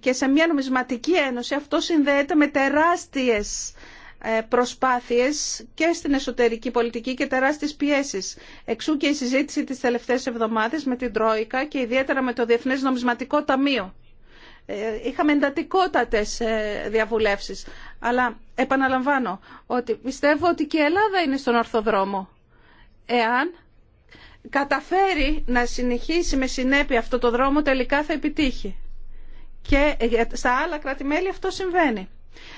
και σε μια νομισματική ένωση αυτό συνδέεται με τεράστιες ε, προσπάθειες και στην εσωτερική πολιτική και τεράστιες πιέσεις. Εξού και η συζήτηση τις τελευταίες εβδομάδες με την Τρόικα και ιδιαίτερα με το Διεθνές Νομισματικό Ταμείο. Ε, είχαμε εντατικότατες ε, διαβουλεύσεις. Αλλά επαναλαμβάνω ότι πιστεύω ότι και η Ελλάδα είναι στον ορθοδρόμο. Εάν καταφέρει να συνεχίσει με συνέπεια αυτό το δρόμο τελικά θα επιτύχει. Και στα άλλα κράτη-μέλη αυτό συμβαίνει.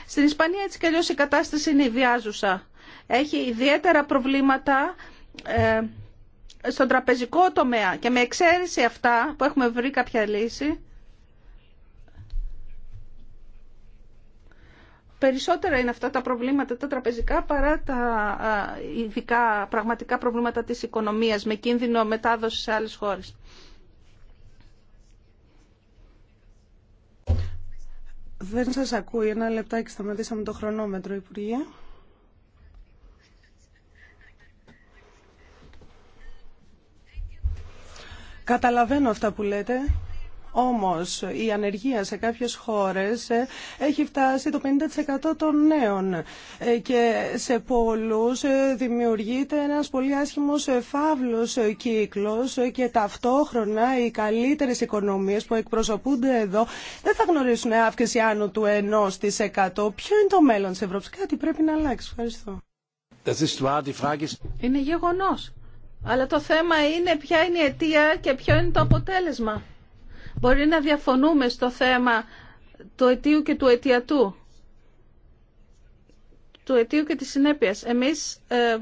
Στην Ισπανία έτσι κι η κατάσταση είναι ιδιάζουσα. Έχει ιδιαίτερα προβλήματα ε, στον τραπεζικό τομέα και με εξαίρεση αυτά που έχουμε βρει κάποια λύση περισσότερα είναι αυτά τα προβλήματα τα τραπεζικά παρά τα ε, ειδικά πραγματικά προβλήματα της οικονομίας με κίνδυνο μετάδοση σε άλλες χώρες. Δεν σας ακούει. Ένα λεπτάκι σταματήσαμε το χρονόμετρο, Υπουργέ. Καταλαβαίνω αυτά που λέτε. Όμως η ανεργία σε κάποιες χώρες ε, έχει φτάσει το 50% των νέων ε, και σε πολλούς ε, δημιουργείται ένας πολύ άσχημος φαύλος κύκλος και ταυτόχρονα οι καλύτερες οικονομίες που εκπροσωπούνται εδώ δεν θα γνωρίσουν αύξηση άνω του 1%. Ποιο είναι το μέλλον της Ευρώπης. Κάτι πρέπει να αλλάξει. Ευχαριστώ. Είναι γεγονός. Αλλά το θέμα είναι ποια είναι η αιτία και ποιο είναι το αποτέλεσμα. Μπορεί να διαφωνούμε στο θέμα του αιτίου και του αιτιατού, του αιτίου και της συνέπειας. Εμείς ε,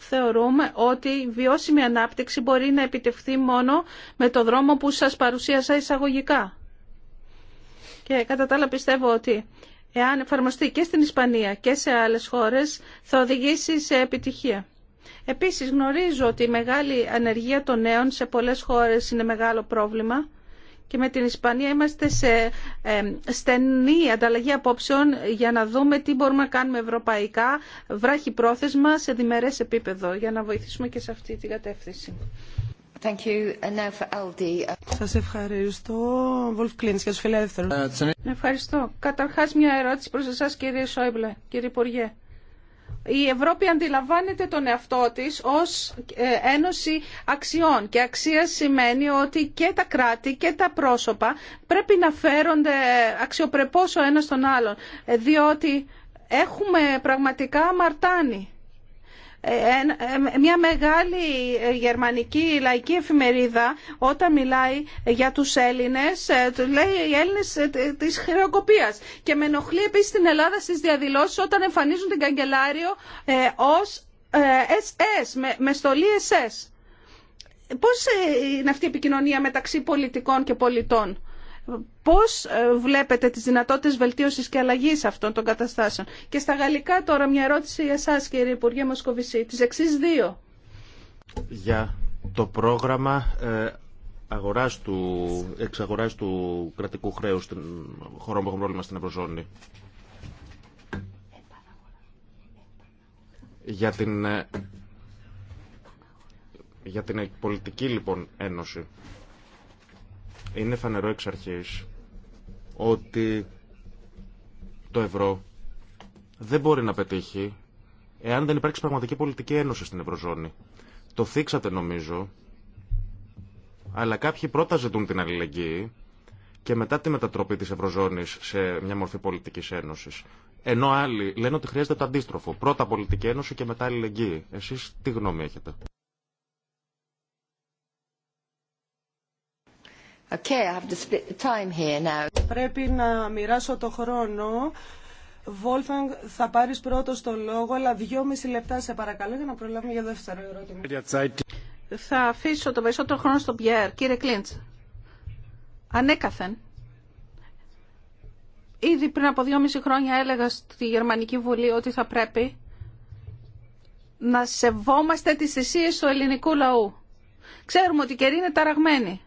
θεωρούμε ότι η βιώσιμη ανάπτυξη μπορεί να επιτευχθεί μόνο με το δρόμο που σας παρουσίασα εισαγωγικά. Και κατά τα άλλα πιστεύω ότι εάν εφαρμοστεί και στην Ισπανία και σε άλλες χώρες θα οδηγήσει σε επιτυχία. Επίσης γνωρίζω ότι η μεγάλη ανεργία των νέων σε πολλές χώρες είναι μεγάλο πρόβλημα και με την Ισπανία είμαστε σε ε, στενή ανταλλαγή απόψεων για να δούμε τι μπορούμε να κάνουμε ευρωπαϊκά βράχη πρόθεσμα σε διμερές επίπεδο για να βοηθήσουμε και σε αυτή την κατεύθυνση. ευχαριστώ. Βολφ Ευχαριστώ. Καταρχάς μια ερώτηση προς εσάς κύριε Σόιμπλε, κύριε Υπουργέ η Ευρώπη αντιλαμβάνεται τον εαυτό της ως ε, ένωση αξιών και αξία σημαίνει ότι και τα κράτη και τα πρόσωπα πρέπει να φέρονται αξιοπρεπώς ο ένας τον άλλον ε, διότι έχουμε πραγματικά αμαρτάνει ε, ε, ε, μια μεγάλη γερμανική λαϊκή εφημερίδα όταν μιλάει για τους Έλληνες του λέει οι Έλληνες της χρεοκοπίας και με ενοχλεί επίσης στην Ελλάδα στις διαδηλώσεις όταν εμφανίζουν την καγκελάριο ως SS, με στολή SS. Πώς είναι αυτή η επικοινωνία μεταξύ πολιτικών και πολιτών. Πώς ε, βλέπετε τις δυνατότητες βελτίωσης και αλλαγής αυτών των καταστάσεων. Και στα γαλλικά τώρα μια ερώτηση για εσάς κύριε Υπουργέ Μοσκοβισή. Τις εξής δύο. Για το πρόγραμμα ε, αγοράς του, εξαγοράς του κρατικού χρέους στην χώρα που έχουμε πρόβλημα στην Ευρωζώνη. Για την, ε, για την πολιτική λοιπόν ένωση. Είναι φανερό εξ αρχής ότι το ευρώ δεν μπορεί να πετύχει εάν δεν υπάρξει πραγματική πολιτική ένωση στην Ευρωζώνη. Το θίξατε νομίζω, αλλά κάποιοι πρώτα ζητούν την αλληλεγγύη και μετά τη μετατροπή της Ευρωζώνης σε μια μορφή πολιτικής ένωσης. Ενώ άλλοι λένε ότι χρειάζεται το αντίστροφο. Πρώτα πολιτική ένωση και μετά αλληλεγγύη. Εσείς τι γνώμη έχετε. Πρέπει να μοιράσω το χρόνο. Βόλφανγκ, θα πάρεις πρώτος το λόγο, αλλά δυόμιση λεπτά σε παρακαλώ για να προλάβουμε για δεύτερο ερώτημα. Θα αφήσω το περισσότερο χρόνο στον Πιέρ. Κύριε Κλίντς, ανέκαθεν, ήδη πριν από δυόμιση χρόνια έλεγα στη Γερμανική Βουλή ότι θα πρέπει να σεβόμαστε τις θυσίες του ελληνικού λαού. Ξέρουμε ότι οι είναι ταραγμένοι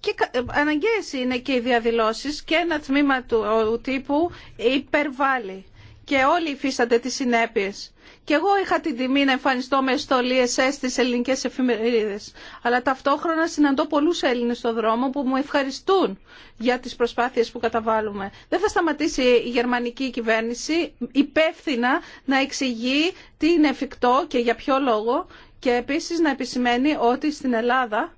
και ε, αναγκαίες είναι και οι διαδηλώσεις και ένα τμήμα του τύπου υπερβάλλει και όλοι υφίστανται τις συνέπειες. Και εγώ είχα την τιμή να εμφανιστώ με στολίες στις ελληνικές εφημερίδες. Αλλά ταυτόχρονα συναντώ πολλούς Έλληνες στον δρόμο που μου ευχαριστούν για τις προσπάθειες που καταβάλουμε. Δεν θα σταματήσει η γερμανική κυβέρνηση υπεύθυνα να εξηγεί τι είναι εφικτό και για ποιο λόγο και επίσης να επισημαίνει ότι στην Ελλάδα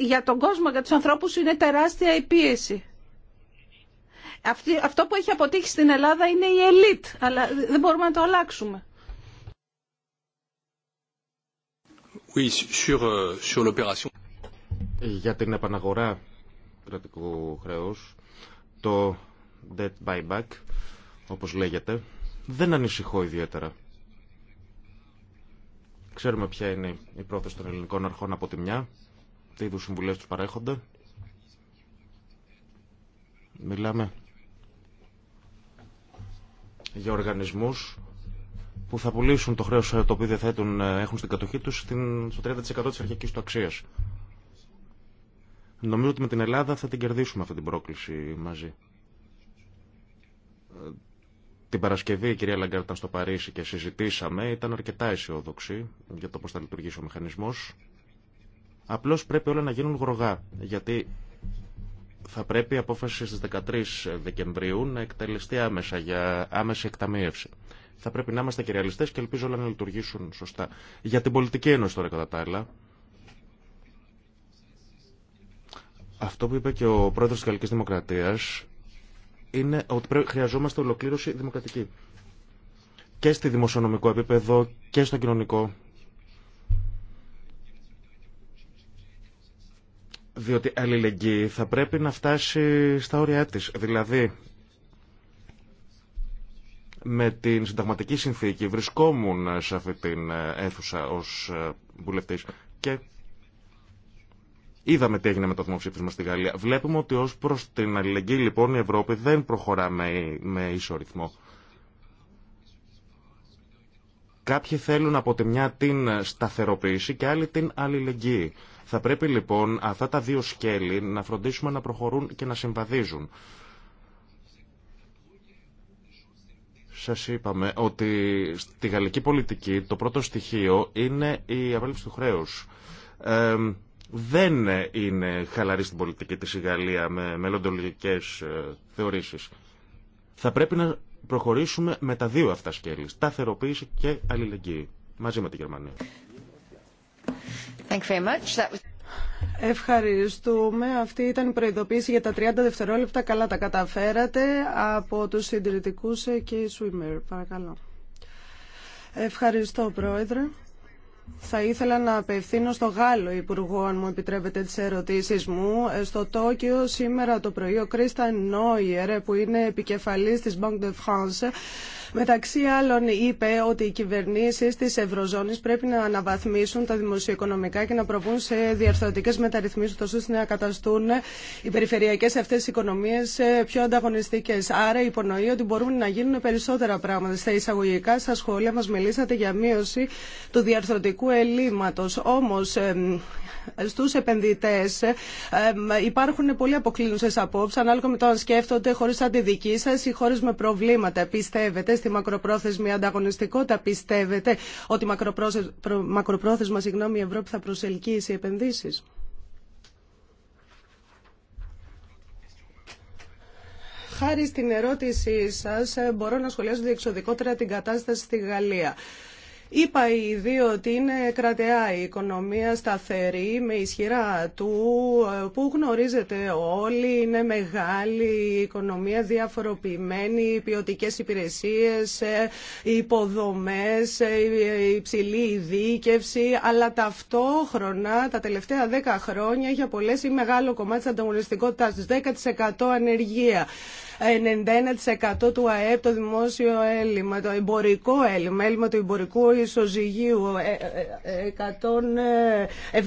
για τον κόσμο, για τους ανθρώπους είναι τεράστια η πίεση. αυτό που έχει αποτύχει στην Ελλάδα είναι η ελίτ, αλλά δεν μπορούμε να το αλλάξουμε. Oui, sur, sur για την επαναγορά κρατικού χρέους, το debt buyback, όπως λέγεται, δεν ανησυχώ ιδιαίτερα. Ξέρουμε ποια είναι η πρόθεση των ελληνικών αρχών από τη μια τι είδου συμβουλέ του παρέχονται. Μιλάμε για οργανισμού που θα πουλήσουν το χρέο το οποίο διαθέτουν, ε, έχουν στην κατοχή του στο 30% τη αρχική του αξία. Νομίζω ότι με την Ελλάδα θα την κερδίσουμε αυτή την πρόκληση μαζί. Ε, την Παρασκευή η κυρία Λαγκάρ ήταν στο Παρίσι και συζητήσαμε. Ήταν αρκετά αισιόδοξη για το πώ θα λειτουργήσει ο μηχανισμό. Απλώ πρέπει όλα να γίνουν γρογά, γιατί θα πρέπει η απόφαση στι 13 Δεκεμβρίου να εκτελεστεί άμεσα για άμεση εκταμείευση. Θα πρέπει να είμαστε κυριαλιστές και ελπίζω όλα να λειτουργήσουν σωστά. Για την πολιτική ένωση τώρα κατά τα άλλα, αυτό που είπε και ο πρόεδρο τη Γαλλική Δημοκρατία είναι ότι χρειαζόμαστε ολοκλήρωση δημοκρατική. Και στη δημοσιονομικό επίπεδο και στο κοινωνικό Διότι αλληλεγγύη θα πρέπει να φτάσει στα όρια της. Δηλαδή, με την συνταγματική συνθήκη βρισκόμουν σε αυτή την ε, αίθουσα ως ε, βουλευτής και Είδαμε τι έγινε με το δημοψήφισμα στη Γαλλία. Βλέπουμε ότι ως προς την αλληλεγγύη λοιπόν η Ευρώπη δεν προχωρά με, με ίσο ρυθμό. Κάποιοι θέλουν από τη μια την σταθεροποίηση και άλλοι την αλληλεγγύη. Θα πρέπει λοιπόν αυτά τα δύο σκέλη να φροντίσουμε να προχωρούν και να συμβαδίζουν. Σας είπαμε ότι στη γαλλική πολιτική το πρώτο στοιχείο είναι η απέλευση του χρέους. δεν είναι χαλαρή στην πολιτική της η Γαλλία με μελλοντολογικές ε, θεωρήσεις. Θα πρέπει να προχωρήσουμε με τα δύο αυτά σκέλη, σταθεροποίηση και αλληλεγγύη, μαζί με τη Γερμανία. Ευχαριστούμε. Αυτή ήταν η προειδοποίηση για τα 30 δευτερόλεπτα. Καλά τα καταφέρατε από τους συντηρητικούς ε, και η Swimmer. Παρακαλώ. Ευχαριστώ, Πρόεδρε. Θα ήθελα να απευθύνω στο Γάλλο Υπουργό, αν μου επιτρέπετε τις ερωτήσεις μου. Ε, στο Τόκιο σήμερα το πρωί ο Κρίσταν Νόιερ, που είναι επικεφαλής της Banque de France, Μεταξύ άλλων είπε ότι οι κυβερνήσεις της Ευρωζώνης πρέπει να αναβαθμίσουν τα δημοσιοοικονομικά και να προβούν σε διαρθρωτικές μεταρρυθμίσεις ώστε να καταστούν οι περιφερειακές αυτές οικονομίες ε, πιο ανταγωνιστικές. Άρα υπονοεί ότι μπορούν να γίνουν περισσότερα πράγματα. Στα εισαγωγικά στα σχόλια μας μιλήσατε για μείωση του διαρθρωτικού ελλείμματος. Όμως ε, στους επενδυτές ε, υπάρχουν πολλοί αποκλίνουσες απόψεις ανάλογα με το αν σκέφτονται χωρίς ή με προβλήματα. Πιστεύετε στη μακροπρόθεσμη ανταγωνιστικότητα. Πιστεύετε ότι μακροπρόθεσμα συγγνώμη, η Ευρώπη θα προσελκύσει επενδύσει. Χάρη στην ερώτησή σας μπορώ να σχολιάσω διεξοδικότερα την κατάσταση στη Γαλλία. Είπα ήδη ότι είναι κρατεά η οικονομία σταθερή με ισχυρά του που γνωρίζετε όλοι. Είναι μεγάλη η οικονομία, διαφοροποιημένη, ποιοτικές υπηρεσίες, ε, υποδομές, ε, υψηλή ειδίκευση. Αλλά ταυτόχρονα τα τελευταία δέκα χρόνια έχει απολέσει μεγάλο κομμάτι της ανταγωνιστικότητας, 10% ανεργία. 91% του ΑΕΠ το δημόσιο έλλειμμα, το εμπορικό έλλειμμα, έλλειμμα του εμπορικού ισοζυγίου 170 ε, ε,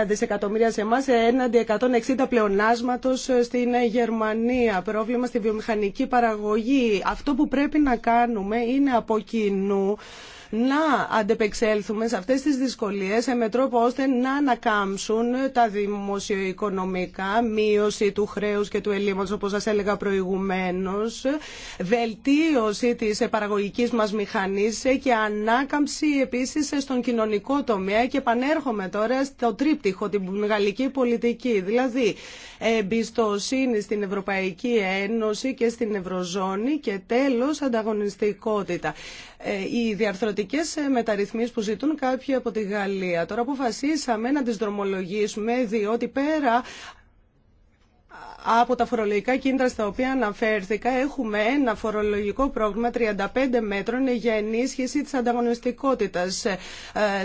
ε, δισεκατομμύρια σε εμά έναντι 160 πλεονάσματος στην Γερμανία. Πρόβλημα στη βιομηχανική παραγωγή. Αυτό που πρέπει να κάνουμε είναι από κοινού να αντεπεξέλθουμε σε αυτές τις δυσκολίες ε, με τρόπο ώστε να ανακάμψουν τα δημοσιοοικονομικά, μείωση του χρέους και του ελλείμματος όπως σας έλεγα προηγουμένως, βελτίωση της παραγωγικής μας μηχανής ε, και ανάκαμψη επίσης στον κοινωνικό τομέα και πανέρχομαι τώρα στο τρίπτυχο, την γαλλική πολιτική, δηλαδή εμπιστοσύνη στην Ευρωπαϊκή Ένωση και στην Ευρωζώνη και τέλος ανταγωνιστικότητα. Ε, οι διαρθρωτικές μεταρρυθμίσεις που ζητούν κάποιοι από τη Γαλλία. Τώρα αποφασίσαμε να τις δρομολογήσουμε διότι πέρα από τα φορολογικά κίνητρα στα οποία αναφέρθηκα έχουμε ένα φορολογικό πρόγραμμα 35 μέτρων για ενίσχυση της ανταγωνιστικότητας, ε,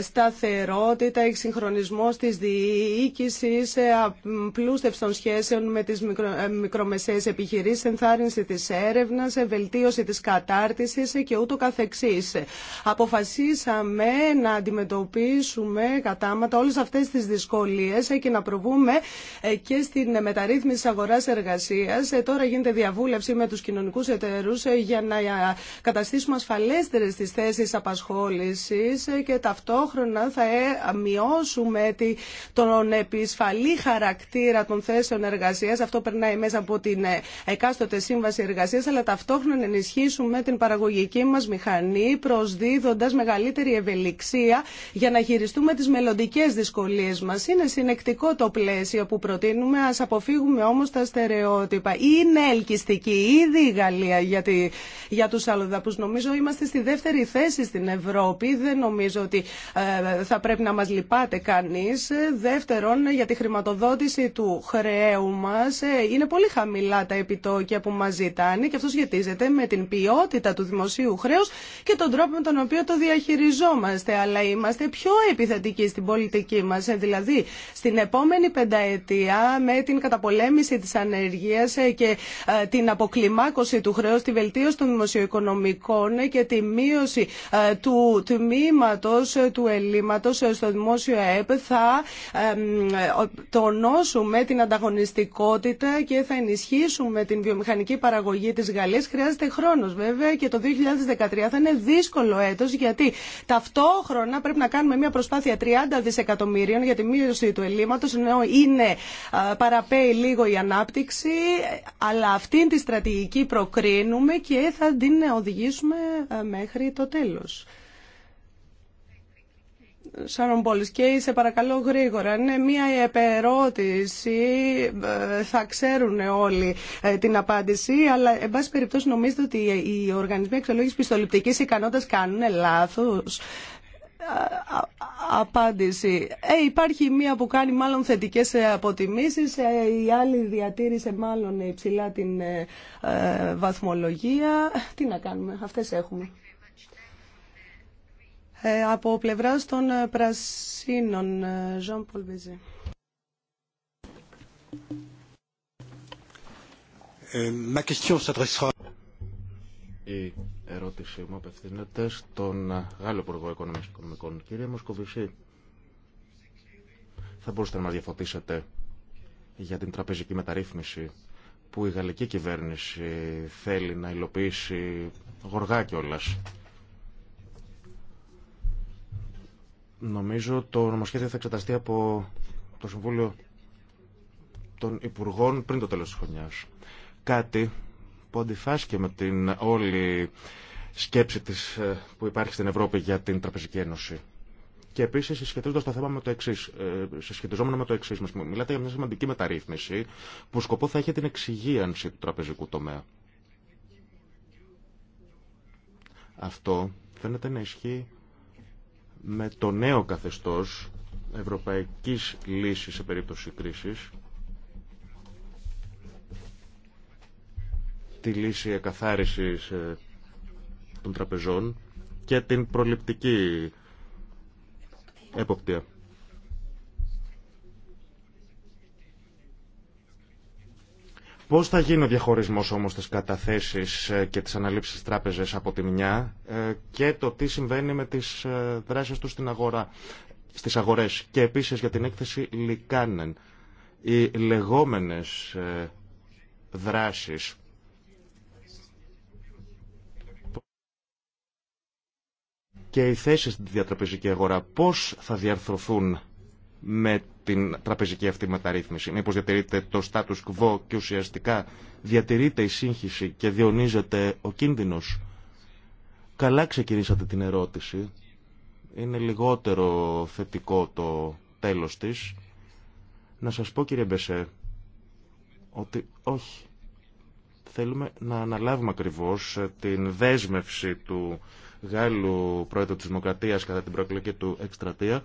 σταθερότητα, εξυγχρονισμός της διοίκησης, ε, πλούστευση των σχέσεων με τις μικρο, ε, μικρομεσαίες επιχειρήσεις, ενθάρρυνση της έρευνας, βελτίωση της κατάρτισης και ούτω καθεξής. Αποφασίσαμε να αντιμετωπίσουμε κατάματα όλες αυτές τις δυσκολίες και να προβούμε και στην μεταρρύθμιση αγοράς-εργασίας. Ε, τώρα γίνεται διαβούλευση με τους κοινωνικούς εταίρους ε, για να ε, καταστήσουμε ασφαλέστερες τις θέσεις απασχόλησης και ταυτόχρονα θα μειώσουμε τον επισφαλή χαρακτήρα των θέσεων εργασία. Αυτό περνάει μέσα από την εκάστοτε σύμβαση εργασία, αλλά ταυτόχρονα να ενισχύσουμε την παραγωγική μα μηχανή προσδίδοντα μεγαλύτερη ευελιξία για να χειριστούμε τι μελλοντικέ δυσκολίε μα. Είναι συνεκτικό το πλαίσιο που προτείνουμε, Α αποφύγουμε όμω στα στερεότυπα. Είναι ελκυστική ήδη η Γαλλία για, τη, για τους Νομίζω είμαστε στη δεύτερη θέση στην Ευρώπη. Δεν νομίζω ότι ε, θα πρέπει να μας λυπάται κανείς. Δεύτερον, για τη χρηματοδότηση του χρέου μας ε, είναι πολύ χαμηλά τα επιτόκια που μας ζητάνε και αυτό σχετίζεται με την ποιότητα του δημοσίου χρέους και τον τρόπο με τον οποίο το διαχειριζόμαστε. Αλλά είμαστε πιο επιθετικοί στην πολιτική μας. Ε, δηλαδή, στην επόμενη πενταετία με την καταπολέμηση της ανεργία ε, και ε, την αποκλιμάκωση του χρέου, τη βελτίωση των δημοσιοοικονομικών ε, και τη μείωση του τμήματο του ελλείμματο στο δημόσιο ΕΕΠ θα τονώσουμε την ανταγωνιστικότητα και θα ενισχύσουμε την βιομηχανική παραγωγή τη Γαλλία. Χρειάζεται χρόνο, βέβαια και το 2013 θα είναι δύσκολο έτος γιατί ταυτόχρονα πρέπει να κάνουμε μια προσπάθεια 30 δισεκατομμυρίων για τη μείωση του ελλείμματο ενώ είναι παραπέει λίγο η ανάπτυξη ανάπτυξη, αλλά αυτήν τη στρατηγική προκρίνουμε και θα την οδηγήσουμε ε, μέχρι το τέλος. Σάρων Πόλης και σε παρακαλώ γρήγορα. Είναι μία επερώτηση, ε, θα ξέρουν όλοι ε, την απάντηση, αλλά εν πάση περιπτώσει νομίζετε ότι οι οργανισμοί εξολόγηση πιστοληπτικής ικανότητας κάνουν λάθος απάντηση. Ε, υπάρχει μία που κάνει μάλλον θετικές ε, αποτιμήσεις, ε, η άλλη διατήρησε μάλλον υψηλά την ε, βαθμολογία. Τι να κάνουμε, αυτές έχουμε. Ε, από πλευράς των Πρασίνων, Ζαν Πολβεζέ. Ε, ερώτησή μου απευθύνεται στον Γάλλο Υπουργό Οικονομικών. Κύριε Μοσκοβισή, θα μπορούσατε να μας διαφωτίσετε για την τραπεζική μεταρρύθμιση που η γαλλική κυβέρνηση θέλει να υλοποιήσει γοργά κιόλα. Νομίζω το νομοσχέδιο θα εξεταστεί από το Συμβούλιο των Υπουργών πριν το τέλος της χρονιάς. Κάτι που αντιφάσκε με την όλη σκέψη της, ε, που υπάρχει στην Ευρώπη για την Τραπεζική Ένωση. Και επίση συσχετίζοντα το θέμα με το εξή, ε, συσχετιζόμενο με το εξή, μιλάτε για μια σημαντική μεταρρύθμιση που σκοπό θα έχει την εξυγίανση του τραπεζικού τομέα. Αυτό φαίνεται να ισχύει με το νέο καθεστώς ευρωπαϊκής λύσης σε περίπτωση κρίση. τη λύση εκαθάρισης ε, των τραπεζών και την προληπτική εποπτεία. Πώς θα γίνει ο διαχωρισμό όμως της καταθέσεις ε, και της αναλήψης τράπεζες από τη μια ε, και το τι συμβαίνει με τις ε, δράσεις του στην αγορά, στις αγορές Και επίσης για την έκθεση Λικάνεν. Οι λεγόμενες δράσεις και οι θέσει στην διατραπεζική αγορά πώς θα διαρθρωθούν με την τραπεζική αυτή μεταρρύθμιση. Μήπως διατηρείται το status quo και ουσιαστικά διατηρείται η σύγχυση και διονύζεται ο κίνδυνος. Καλά ξεκινήσατε την ερώτηση. Είναι λιγότερο θετικό το τέλος της. Να σας πω κύριε Μπεσέ ότι όχι. Θέλουμε να αναλάβουμε ακριβώς την δέσμευση του Γάλλου πρόεδρο της Δημοκρατίας κατά την προεκλογική του εκστρατεία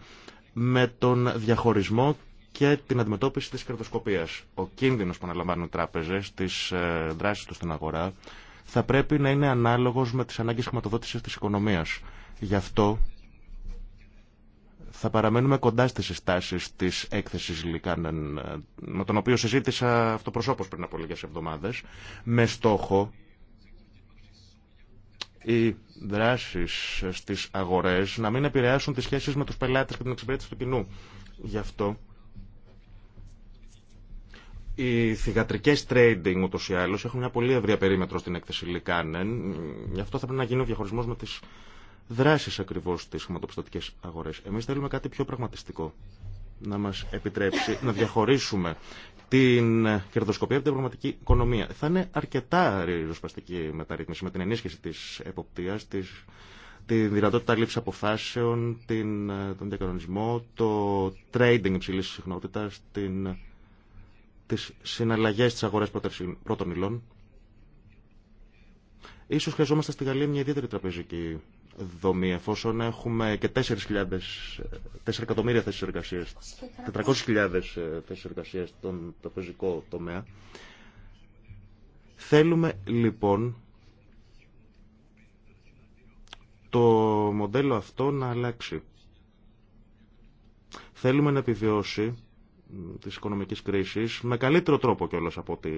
με τον διαχωρισμό και την αντιμετώπιση της κερδοσκοπίας. Ο κίνδυνος που αναλαμβάνουν οι τράπεζες, στις ε, δράσεις του στην αγορά, θα πρέπει να είναι ανάλογος με τις ανάγκες χρηματοδότησης της οικονομίας. Γι' αυτό θα παραμένουμε κοντά στις συστάσεις της έκθεσης Λικάνεν, ε, με τον οποίο συζήτησα αυτοπροσώπως πριν από λίγες εβδομάδες, με στόχο οι δράσει στι αγορές να μην επηρεάσουν τι σχέσεις με τους πελάτες και την εξυπηρέτηση του κοινού. Γι' αυτό οι θηγατρικέ trading ούτω ή άλλω έχουν μια πολύ ευρία περίμετρο στην έκθεση Λικάνεν. Γι' αυτό θα πρέπει να γίνει ο διαχωρισμό με τις δράσεις ακριβώς στις χρηματοπιστωτικέ αγορές. Εμεί θέλουμε κάτι πιο πραγματιστικό να μας επιτρέψει να διαχωρίσουμε την κερδοσκοπία από την πραγματική οικονομία. Θα είναι αρκετά ριζοσπαστική μεταρρύθμιση με την ενίσχυση τη εποπτεία, τη δυνατότητα λήψη αποφάσεων, την, τον διακανονισμό, το trading υψηλή συχνότητα, τι συναλλαγέ τη αγορά πρώτων υλών. Ίσως χρειαζόμαστε στη Γαλλία μια ιδιαίτερη τραπεζική δομή, εφόσον έχουμε και 4.000, 4 εκατομμύρια θέσει εργασία, 400.000 ε, θέσει εργασία στον τραπεζικό τομέα, θέλουμε λοιπόν το μοντέλο αυτό να αλλάξει. Θέλουμε να επιβιώσει της οικονομικής κρίσης με καλύτερο τρόπο κιόλας από ό,τι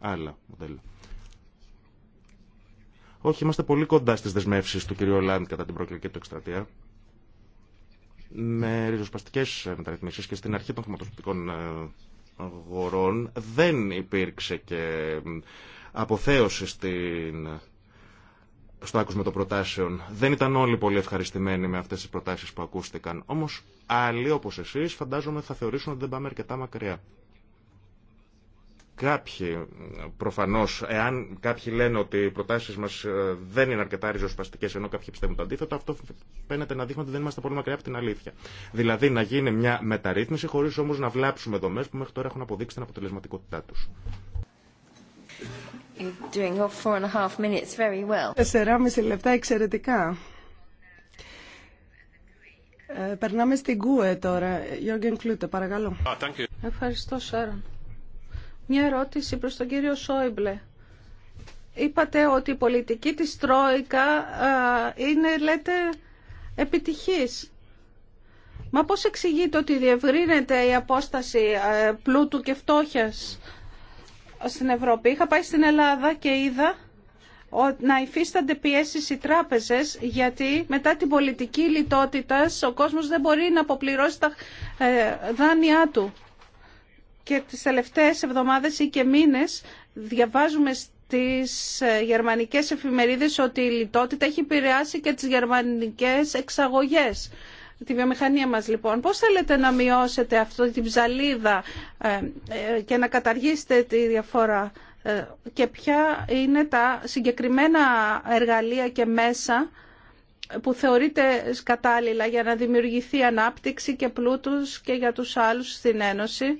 άλλα μοντέλα. Όχι, είμαστε πολύ κοντά στις δεσμεύσει του κυρίου Λάντ κατά την προκλητική του εκστρατεία. Με ριζοσπαστικέ ε, μεταρρυθμίσει και στην αρχή των χρηματοδοτικών ε, αγορών δεν υπήρξε και αποθέωση στην στο άκουσμα των προτάσεων. Δεν ήταν όλοι πολύ ευχαριστημένοι με αυτές τις προτάσει που ακούστηκαν. Όμως άλλοι όπω εσεί φαντάζομαι θα θεωρήσουν ότι δεν πάμε αρκετά μακριά. Κάποιοι, προφανώς, εάν κάποιοι λένε ότι οι προτάσεις μας ε, δεν είναι αρκετά ριζοσπαστικές, ενώ κάποιοι πιστεύουν το αντίθετο, αυτό φαίνεται να δείχνει ότι δεν είμαστε πολύ μακριά από την αλήθεια. Δηλαδή να γίνει μια μεταρρύθμιση χωρίς όμως να βλάψουμε δομές που μέχρι τώρα έχουν αποδείξει την αποτελεσματικότητά τους. Τεσσερά λεπτά εξαιρετικά. Ε, περνάμε στην ΚΟΕ τώρα. Γιώργεν παρακαλώ. Ευχαριστώ, μια ερώτηση προς τον κύριο Σόιμπλε. Είπατε ότι η πολιτική της Τρόικα είναι, λέτε, επιτυχής. Μα πώς εξηγείτε ότι διευρύνεται η απόσταση πλούτου και φτώχειας στην Ευρώπη. Είχα πάει στην Ελλάδα και είδα να υφίστανται πιέσεις οι τράπεζες γιατί μετά την πολιτική λιτότητα ο κόσμος δεν μπορεί να αποπληρώσει τα ε, δάνειά του και τις τελευταίες εβδομάδες ή και μήνες διαβάζουμε στις ε, γερμανικές εφημερίδες ότι η λιτότητα έχει επηρεάσει και τις γερμανικές εξαγωγές. Τη βιομηχανία μας λοιπόν. Πώς θέλετε να μειώσετε αυτή την ψαλίδα ε, ε, και να καταργήσετε τη διαφορά και ποια είναι τα συγκεκριμένα εργαλεία και μέσα που θεωρείτε κατάλληλα για να δημιουργηθεί ανάπτυξη και πλούτους και για τους άλλους στην Ένωση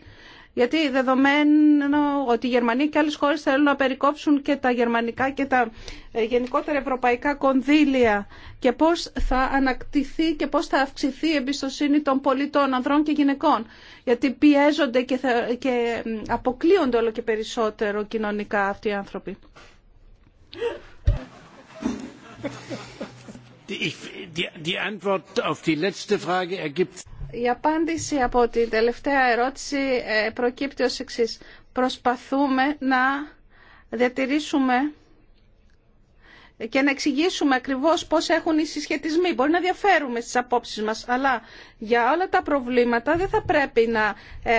γιατί δεδομένου ότι οι Γερμανοί και άλλες χώρες θέλουν να περικόψουν και τα γερμανικά και τα ε, γενικότερα ευρωπαϊκά κονδύλια και πώς θα ανακτηθεί και πώς θα αυξηθεί η εμπιστοσύνη των πολιτών, ανδρών και γυναικών. Γιατί πιέζονται και, και αποκλείονται όλο και περισσότερο κοινωνικά αυτοί οι άνθρωποι. Η απάντηση από την τελευταία ερώτηση ε, προκύπτει ως εξής. Προσπαθούμε να διατηρήσουμε και να εξηγήσουμε ακριβώς πώς έχουν οι συσχετισμοί. Μπορεί να διαφέρουμε στις απόψεις μας, αλλά για όλα τα προβλήματα δεν θα πρέπει να ε,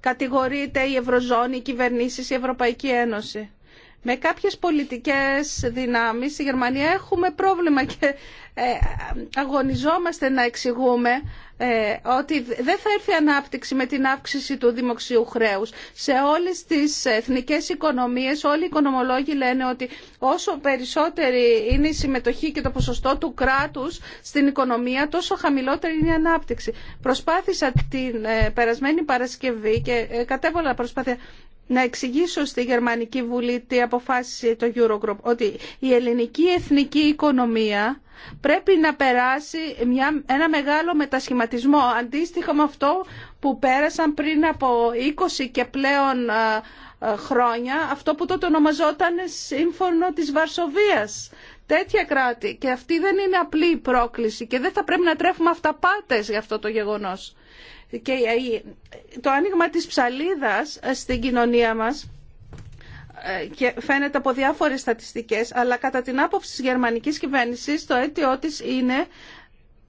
κατηγορείται η Ευρωζώνη, οι κυβερνήσεις, η Ευρωπαϊκή Ένωση. Με κάποιες πολιτικές δυνάμεις στη Γερμανία έχουμε πρόβλημα και ε, αγωνιζόμαστε να εξηγούμε ε, ότι δεν θα έρθει ανάπτυξη με την αύξηση του δημοξίου χρέους. Σε όλες τις εθνικές οικονομίες όλοι οι οικονομολόγοι λένε ότι όσο περισσότερη είναι η συμμετοχή και το ποσοστό του κράτους στην οικονομία τόσο χαμηλότερη είναι η ανάπτυξη. Προσπάθησα την ε, περασμένη Παρασκευή και κατέβαλα προσπάθεια να εξηγήσω στη Γερμανική Βουλή τι αποφάσισε το Eurogroup, ότι η ελληνική εθνική οικονομία πρέπει να περάσει μια, ένα μεγάλο μετασχηματισμό αντίστοιχο με αυτό που πέρασαν πριν από 20 και πλέον ε, ε, χρόνια αυτό που τότε ονομαζόταν σύμφωνο της Βαρσοβίας τέτοια κράτη και αυτή δεν είναι απλή πρόκληση και δεν θα πρέπει να τρέφουμε αυταπάτες για αυτό το γεγονός και το άνοιγμα της ψαλίδας ε, στην κοινωνία μας ε, και φαίνεται από διάφορες στατιστικές, αλλά κατά την άποψη της γερμανικής κυβέρνησης το αίτιό της είναι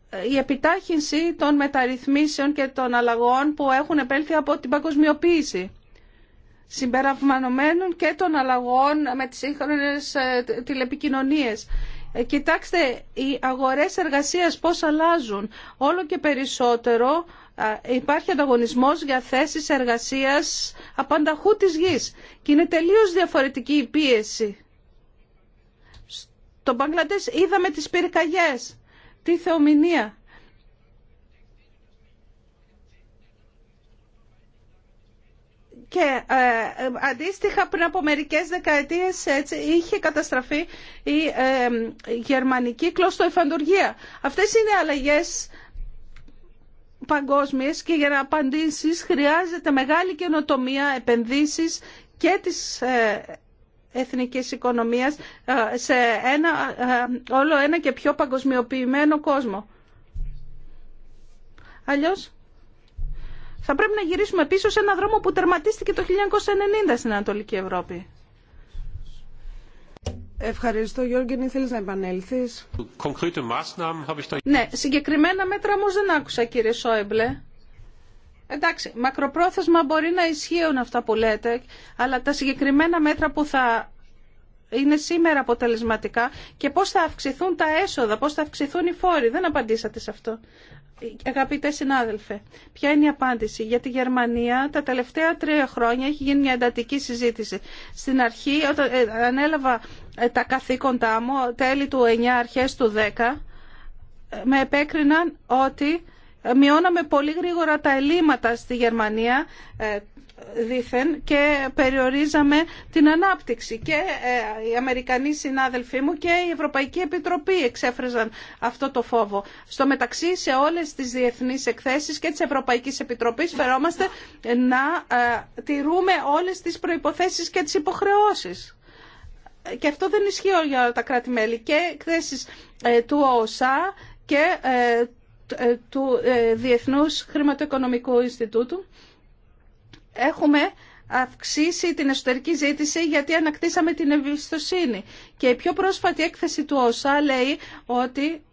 ε, η επιτάχυνση των μεταρρυθμίσεων και των αλλαγών που έχουν επέλθει από την παγκοσμιοποίηση συμπεραυμανωμένων και των αλλαγών με τις σύγχρονες ε, τηλεπικοινωνίες. Κοιτάξτε, οι αγορές εργασίας πώς αλλάζουν όλο και περισσότερο υπάρχει ανταγωνισμός για θέσεις εργασίας απανταχού της γης και είναι τελείως διαφορετική η πίεση. Στον Μπαγκλαντές είδαμε τις πυρκαγιές, τη θεομηνία. Και ε, αντίστοιχα πριν από μερικές δεκαετίες έτσι, είχε καταστραφεί η ε, γερμανική κλωστοϊφαντουργία. Αυτές είναι αλλαγές παγκόσμιες και για να απαντήσεις χρειάζεται μεγάλη καινοτομία, επενδύσεις και της ε, εθνικής οικονομίας ε, σε ένα, ε, όλο ένα και πιο παγκοσμιοποιημένο κόσμο. Αλλιώς θα πρέπει να γυρίσουμε πίσω σε ένα δρόμο που τερματίστηκε το 1990 στην Ανατολική Ευρώπη. Ευχαριστώ Γιώργη, θέλει να επανέλθει. Ναι, συγκεκριμένα μέτρα όμω δεν άκουσα κύριε Σόεμπλε. Εντάξει, μακροπρόθεσμα μπορεί να ισχύουν αυτά που λέτε, αλλά τα συγκεκριμένα μέτρα που θα είναι σήμερα αποτελεσματικά και πώς θα αυξηθούν τα έσοδα, πώς θα αυξηθούν οι φόροι. Δεν απαντήσατε σε αυτό. Αγαπητέ συνάδελφε, ποια είναι η απάντηση. Για τη Γερμανία τα τελευταία τρία χρόνια έχει γίνει μια εντατική συζήτηση. Στην αρχή, όταν ε, ανέλαβα ε, τα καθήκοντά μου, τέλη του 9, αρχές του 10, ε, με επέκριναν ότι μειώναμε πολύ γρήγορα τα ελλείμματα στη Γερμανία δήθεν και περιορίζαμε την ανάπτυξη. Και ε, οι Αμερικανοί συνάδελφοί μου και η Ευρωπαϊκή Επιτροπή εξέφραζαν αυτό το φόβο. Στο μεταξύ σε όλες τις διεθνείς εκθέσεις και της Ευρωπαϊκής Επιτροπής φερόμαστε να ε, τηρούμε όλες τις προϋποθέσεις και τις υποχρεώσεις. Και αυτό δεν ισχύει για τα κράτη-μέλη. Και εκθέσεις ε, του ΟΟΣΑ και του Διεθνούς Χρηματοοικονομικού Ινστιτούτου έχουμε αυξήσει την εσωτερική ζήτηση γιατί ανακτήσαμε την εμπιστοσύνη. Και η πιο πρόσφατη έκθεση του ΩΣΑ λέει ότι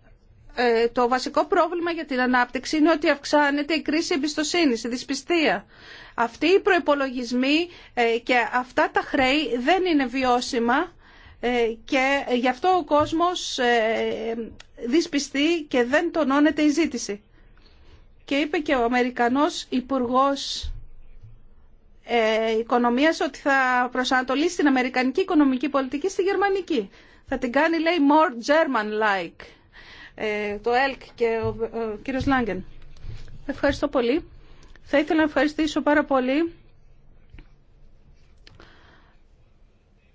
ε, το βασικό πρόβλημα για την ανάπτυξη είναι ότι αυξάνεται η κρίση εμπιστοσύνη, η δυσπιστία. Αυτοί οι προπολογισμοί ε, και αυτά τα χρέη δεν είναι βιώσιμα ε, και γι' αυτό ο κόσμος δυσπιστεί και δεν τονώνεται η ζήτηση. Και είπε και ο Αμερικανός Υπουργός ε, οικονομία ότι θα προσανατολίσει την αμερικανική οικονομική πολιτική στη γερμανική. Θα την κάνει, λέει, more German-like. Ε, το ΕΛΚ και ο, κύριος Λάγκεν. Ευχαριστώ πολύ. Θα ήθελα να ευχαριστήσω πάρα πολύ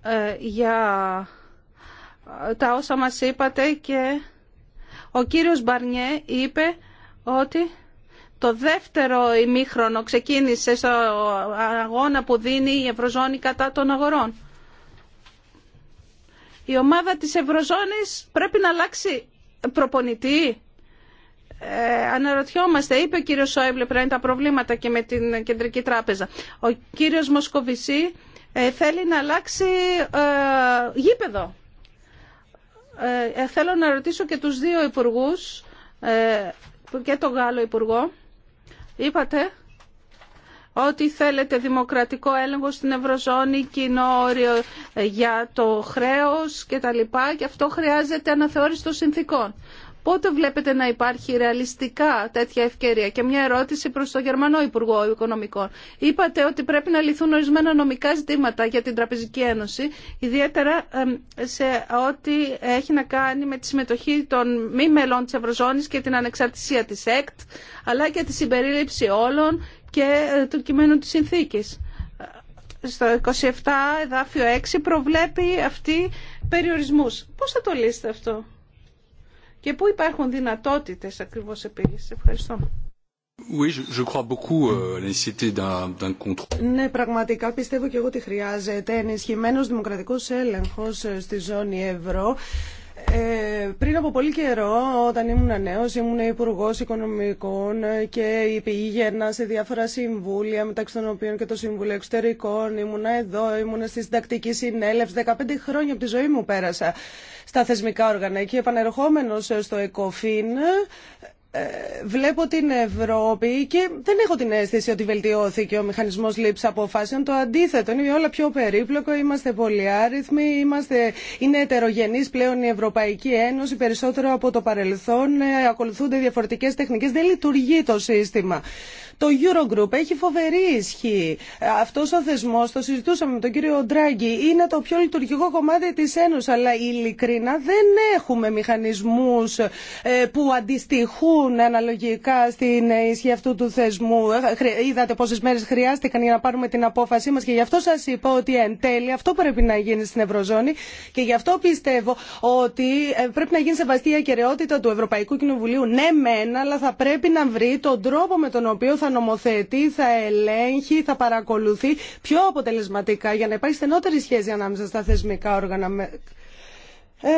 ε, για τα όσα μας είπατε και ο κύριος Μπαρνιέ είπε ότι το δεύτερο ημίχρονο ξεκίνησε στο αγώνα που δίνει η Ευρωζώνη κατά των αγορών. Η ομάδα της Ευρωζώνης πρέπει να αλλάξει προπονητή. Ε, αναρωτιόμαστε, είπε ο κύριος Σόιμπλε πριν τα προβλήματα και με την Κεντρική Τράπεζα. Ο κύριος Μοσκοβισή ε, θέλει να αλλάξει ε, γήπεδο. Ε, ε, θέλω να ρωτήσω και τους δύο υπουργούς, και τον Γάλλο Υπουργό, Είπατε ότι θέλετε δημοκρατικό έλεγχο στην Ευρωζώνη, κοινό όριο για το χρέος και τα λοιπά και αυτό χρειάζεται αναθεώρηση των συνθήκων. Πότε βλέπετε να υπάρχει ρεαλιστικά τέτοια ευκαιρία. Και μια ερώτηση προς τον Γερμανό Υπουργό Οικονομικών. Είπατε ότι πρέπει να λυθούν ορισμένα νομικά ζητήματα για την Τραπεζική Ένωση, ιδιαίτερα σε ό,τι έχει να κάνει με τη συμμετοχή των μη μελών της Ευρωζώνης και την ανεξαρτησία της ΕΚΤ, αλλά και τη συμπερίληψη όλων και ε, του κειμένου της συνθήκης στο 27 εδάφιο 6 προβλέπει αυτή περιορισμούς. Πώς θα το λύσετε αυτό και πού υπάρχουν δυνατότητες ακριβώς επίλυσης. Ευχαριστώ. Oui, je crois beaucoup euh, ναι, πραγματικά πιστεύω και εγώ ότι χρειάζεται ενισχυμένο δημοκρατικός έλεγχος ε, στη ζώνη ευρώ ε, πριν από πολύ καιρό, όταν ήμουν νέο, ήμουν υπουργό οικονομικών και πήγαινα σε διάφορα συμβούλια, μεταξύ των οποίων και το Συμβούλιο Εξωτερικών. Ήμουν εδώ, ήμουν στη συντακτική συνέλευση. 15 χρόνια από τη ζωή μου πέρασα στα θεσμικά όργανα. Και επανερχόμενο στο ΕΚΟΦΗΝ, ε, βλέπω την Ευρώπη και δεν έχω την αίσθηση ότι βελτιώθηκε ο μηχανισμός λήψης αποφάσεων. Το αντίθετο, είναι όλα πιο περίπλοκο, είμαστε πολυάριθμοι, είμαστε, είναι ετερογενής πλέον η Ευρωπαϊκή Ένωση, περισσότερο από το παρελθόν, ε, ακολουθούνται διαφορετικές τεχνικές, δεν λειτουργεί το σύστημα. Το Eurogroup έχει φοβερή ισχύ. Αυτός ο θεσμό το συζητούσαμε με τον κύριο Ντράγκη, είναι το πιο λειτουργικό κομμάτι τη Ένωση. αλλά ειλικρινά δεν έχουμε μηχανισμούς ε, που αντιστοιχούν αναλογικά στην ισχύ αυτού του θεσμού. Είδατε πόσε μέρε χρειάστηκαν για να πάρουμε την απόφασή μα και γι' αυτό σα είπα ότι εν τέλει αυτό πρέπει να γίνει στην Ευρωζώνη και γι' αυτό πιστεύω ότι ε, πρέπει να γίνει σεβαστή η ακαιρεότητα του Ευρωπαϊκού Κοινοβουλίου. Ναι, μεν, αλλά θα πρέπει να βρει τον τρόπο με τον οποίο θα νομοθετεί, θα ελέγχει, θα παρακολουθεί πιο αποτελεσματικά για να υπάρχει στενότερη σχέση ανάμεσα στα θεσμικά όργανα. Ε,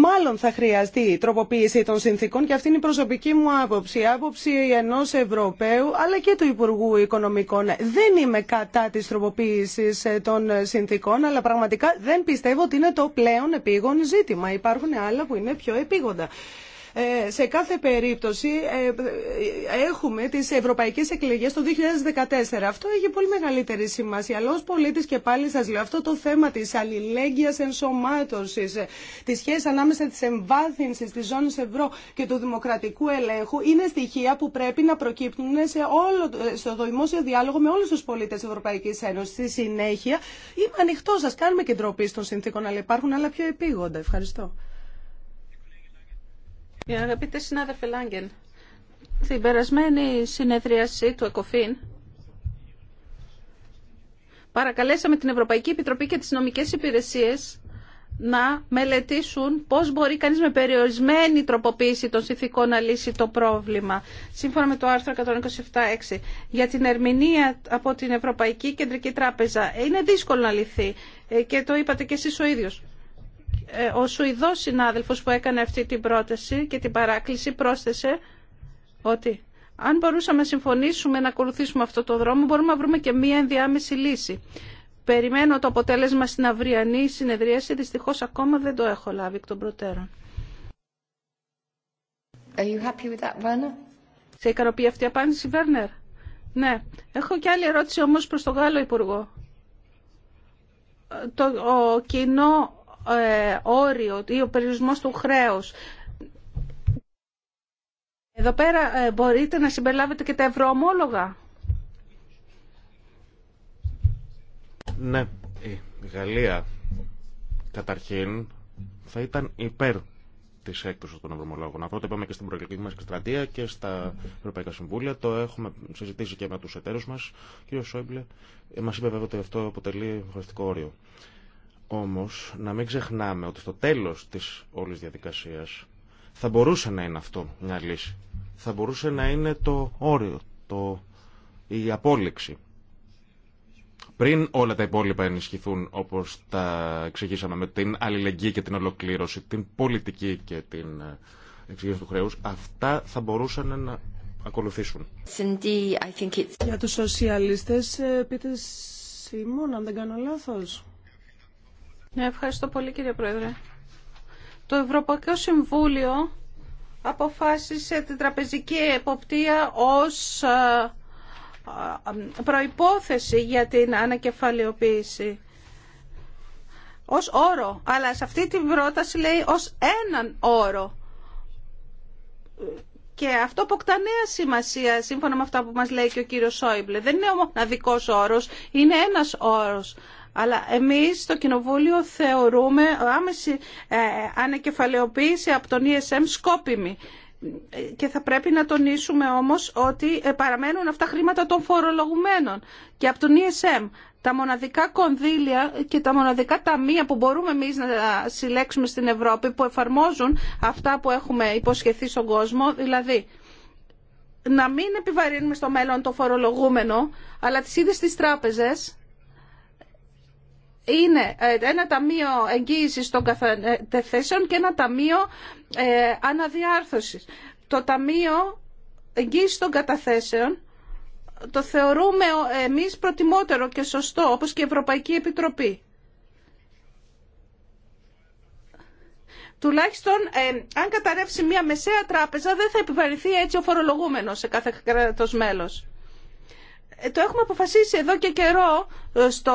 μάλλον θα χρειαστεί η τροποποίηση των συνθήκων και αυτή είναι η προσωπική μου άποψη. Η άποψη ενό Ευρωπαίου αλλά και του Υπουργού Οικονομικών. Δεν είμαι κατά τη τροποποίηση ε, των συνθήκων, αλλά πραγματικά δεν πιστεύω ότι είναι το πλέον επίγον ζήτημα. Υπάρχουν άλλα που είναι πιο επίγοντα. Ε, σε κάθε περίπτωση ε, ε, έχουμε τις ευρωπαϊκές εκλογές το 2014. Αυτό έχει πολύ μεγαλύτερη σημασία. Αλλά ως πολίτης και πάλι σας λέω αυτό το θέμα της αλληλέγγυας ενσωμάτωσης, της σχέσης ανάμεσα της εμβάθυνσης της ζώνης ευρώ και του δημοκρατικού ελέγχου είναι στοιχεία που πρέπει να προκύπτουν όλο, στο δημόσιο διάλογο με όλους τους πολίτες της Ευρωπαϊκής Ένωσης. Στη συνέχεια είμαι ανοιχτό σας, κάνουμε και ντροπή των συνθήκων, αλλά υπάρχουν άλλα πιο επίγοντα. Ευχαριστώ. Για ε, αγαπητέ συνάδελφε Λάγκεν, στην περασμένη συνεδρίαση του ΕΚΟΦΗΝ παρακαλέσαμε την Ευρωπαϊκή Επιτροπή και τις νομικές υπηρεσίες να μελετήσουν πώς μπορεί κανείς με περιορισμένη τροποποίηση των συνθηκών να λύσει το πρόβλημα. Σύμφωνα με το άρθρο 127.6 για την ερμηνεία από την Ευρωπαϊκή Κεντρική Τράπεζα ε, είναι δύσκολο να λυθεί ε, και το είπατε και εσείς ο ίδιος. Ε, ο Σουηδός συνάδελφος που έκανε αυτή την πρόταση και την παράκληση πρόσθεσε ότι αν μπορούσαμε να συμφωνήσουμε να ακολουθήσουμε αυτό το δρόμο μπορούμε να βρούμε και μία ενδιάμεση λύση. Περιμένω το αποτέλεσμα στην αυριανή συνεδρίαση, δυστυχώς ακόμα δεν το έχω λάβει εκ των προτέρων. Are you happy with that, Σε ικανοποιεί αυτή η απάντηση, Βέρνερ. Ναι. Έχω και άλλη ερώτηση όμως προς τον Γάλλο Υπουργό. Ε, το ο κοινό ε, όριο ή ο περιορισμός του χρέους. Εδώ πέρα ε, μπορείτε να συμπεριλάβετε και τα ευρωομόλογα. Ναι, η Γαλλία καταρχήν θα ήταν υπέρ τη έκπτωση των ευρωομόλογων Αυτό το είπαμε και στην προεκλογική μα εκστρατεία και στα Ευρωπαϊκά Συμβούλια. Το έχουμε συζητήσει και με του εταίρου μα. Κύριο Σόιμπλε, μα είπε βέβαια ότι αυτό αποτελεί χωριστικό όριο. Όμως να μην ξεχνάμε ότι στο τέλος της όλης διαδικασίας θα μπορούσε να είναι αυτό μια λύση. Θα μπορούσε να είναι το όριο, το... η απόλυξη. Πριν όλα τα υπόλοιπα ενισχυθούν όπως τα εξηγήσαμε με την αλληλεγγύη και την ολοκλήρωση, την πολιτική και την ε, εξηγήση του χρέους, αυτά θα μπορούσαν να ακολουθήσουν. Για τους σοσιαλιστές, ε, πείτε Σιμών, αν δεν κάνω λάθος. Ναι, ευχαριστώ πολύ κύριε Πρόεδρε. Το Ευρωπαϊκό Συμβούλιο αποφάσισε την τραπεζική εποπτεία ως προϋπόθεση για την ανακεφαλαιοποίηση. Ως όρο. Αλλά σε αυτή την πρόταση λέει ως έναν όρο. Και αυτό αποκτά νέα σημασία σύμφωνα με αυτά που μας λέει και ο κύριος Σόιμπλε. Δεν είναι ο μοναδικός όρος, είναι ένας όρος. Αλλά εμείς στο Κοινοβούλιο θεωρούμε άμεση ε, ανεκεφαλαιοποίηση από τον ESM σκόπιμη. Και θα πρέπει να τονίσουμε όμως ότι ε, παραμένουν αυτά χρήματα των φορολογουμένων και από τον ESM. Τα μοναδικά κονδύλια και τα μοναδικά ταμεία που μπορούμε εμείς να συλλέξουμε στην Ευρώπη που εφαρμόζουν αυτά που έχουμε υποσχεθεί στον κόσμο, δηλαδή να μην επιβαρύνουμε στο μέλλον το φορολογούμενο, αλλά τις ίδιες τις τράπεζες είναι ε, ένα ταμείο εγγύησης των καταθέσεων και ένα ταμείο ε, αναδιάρθρωσης. Το ταμείο εγγύησης των καταθέσεων το θεωρούμε ε, εμείς προτιμότερο και σωστό, όπως και η Ευρωπαϊκή Επιτροπή. Τουλάχιστον, αν καταρρεύσει μια μεσαία τράπεζα, δεν θα επιβαρυνθεί έτσι ο φορολογούμενος σε κάθε κράτος μέλος. Ε, το έχουμε αποφασίσει εδώ και καιρό ε, στο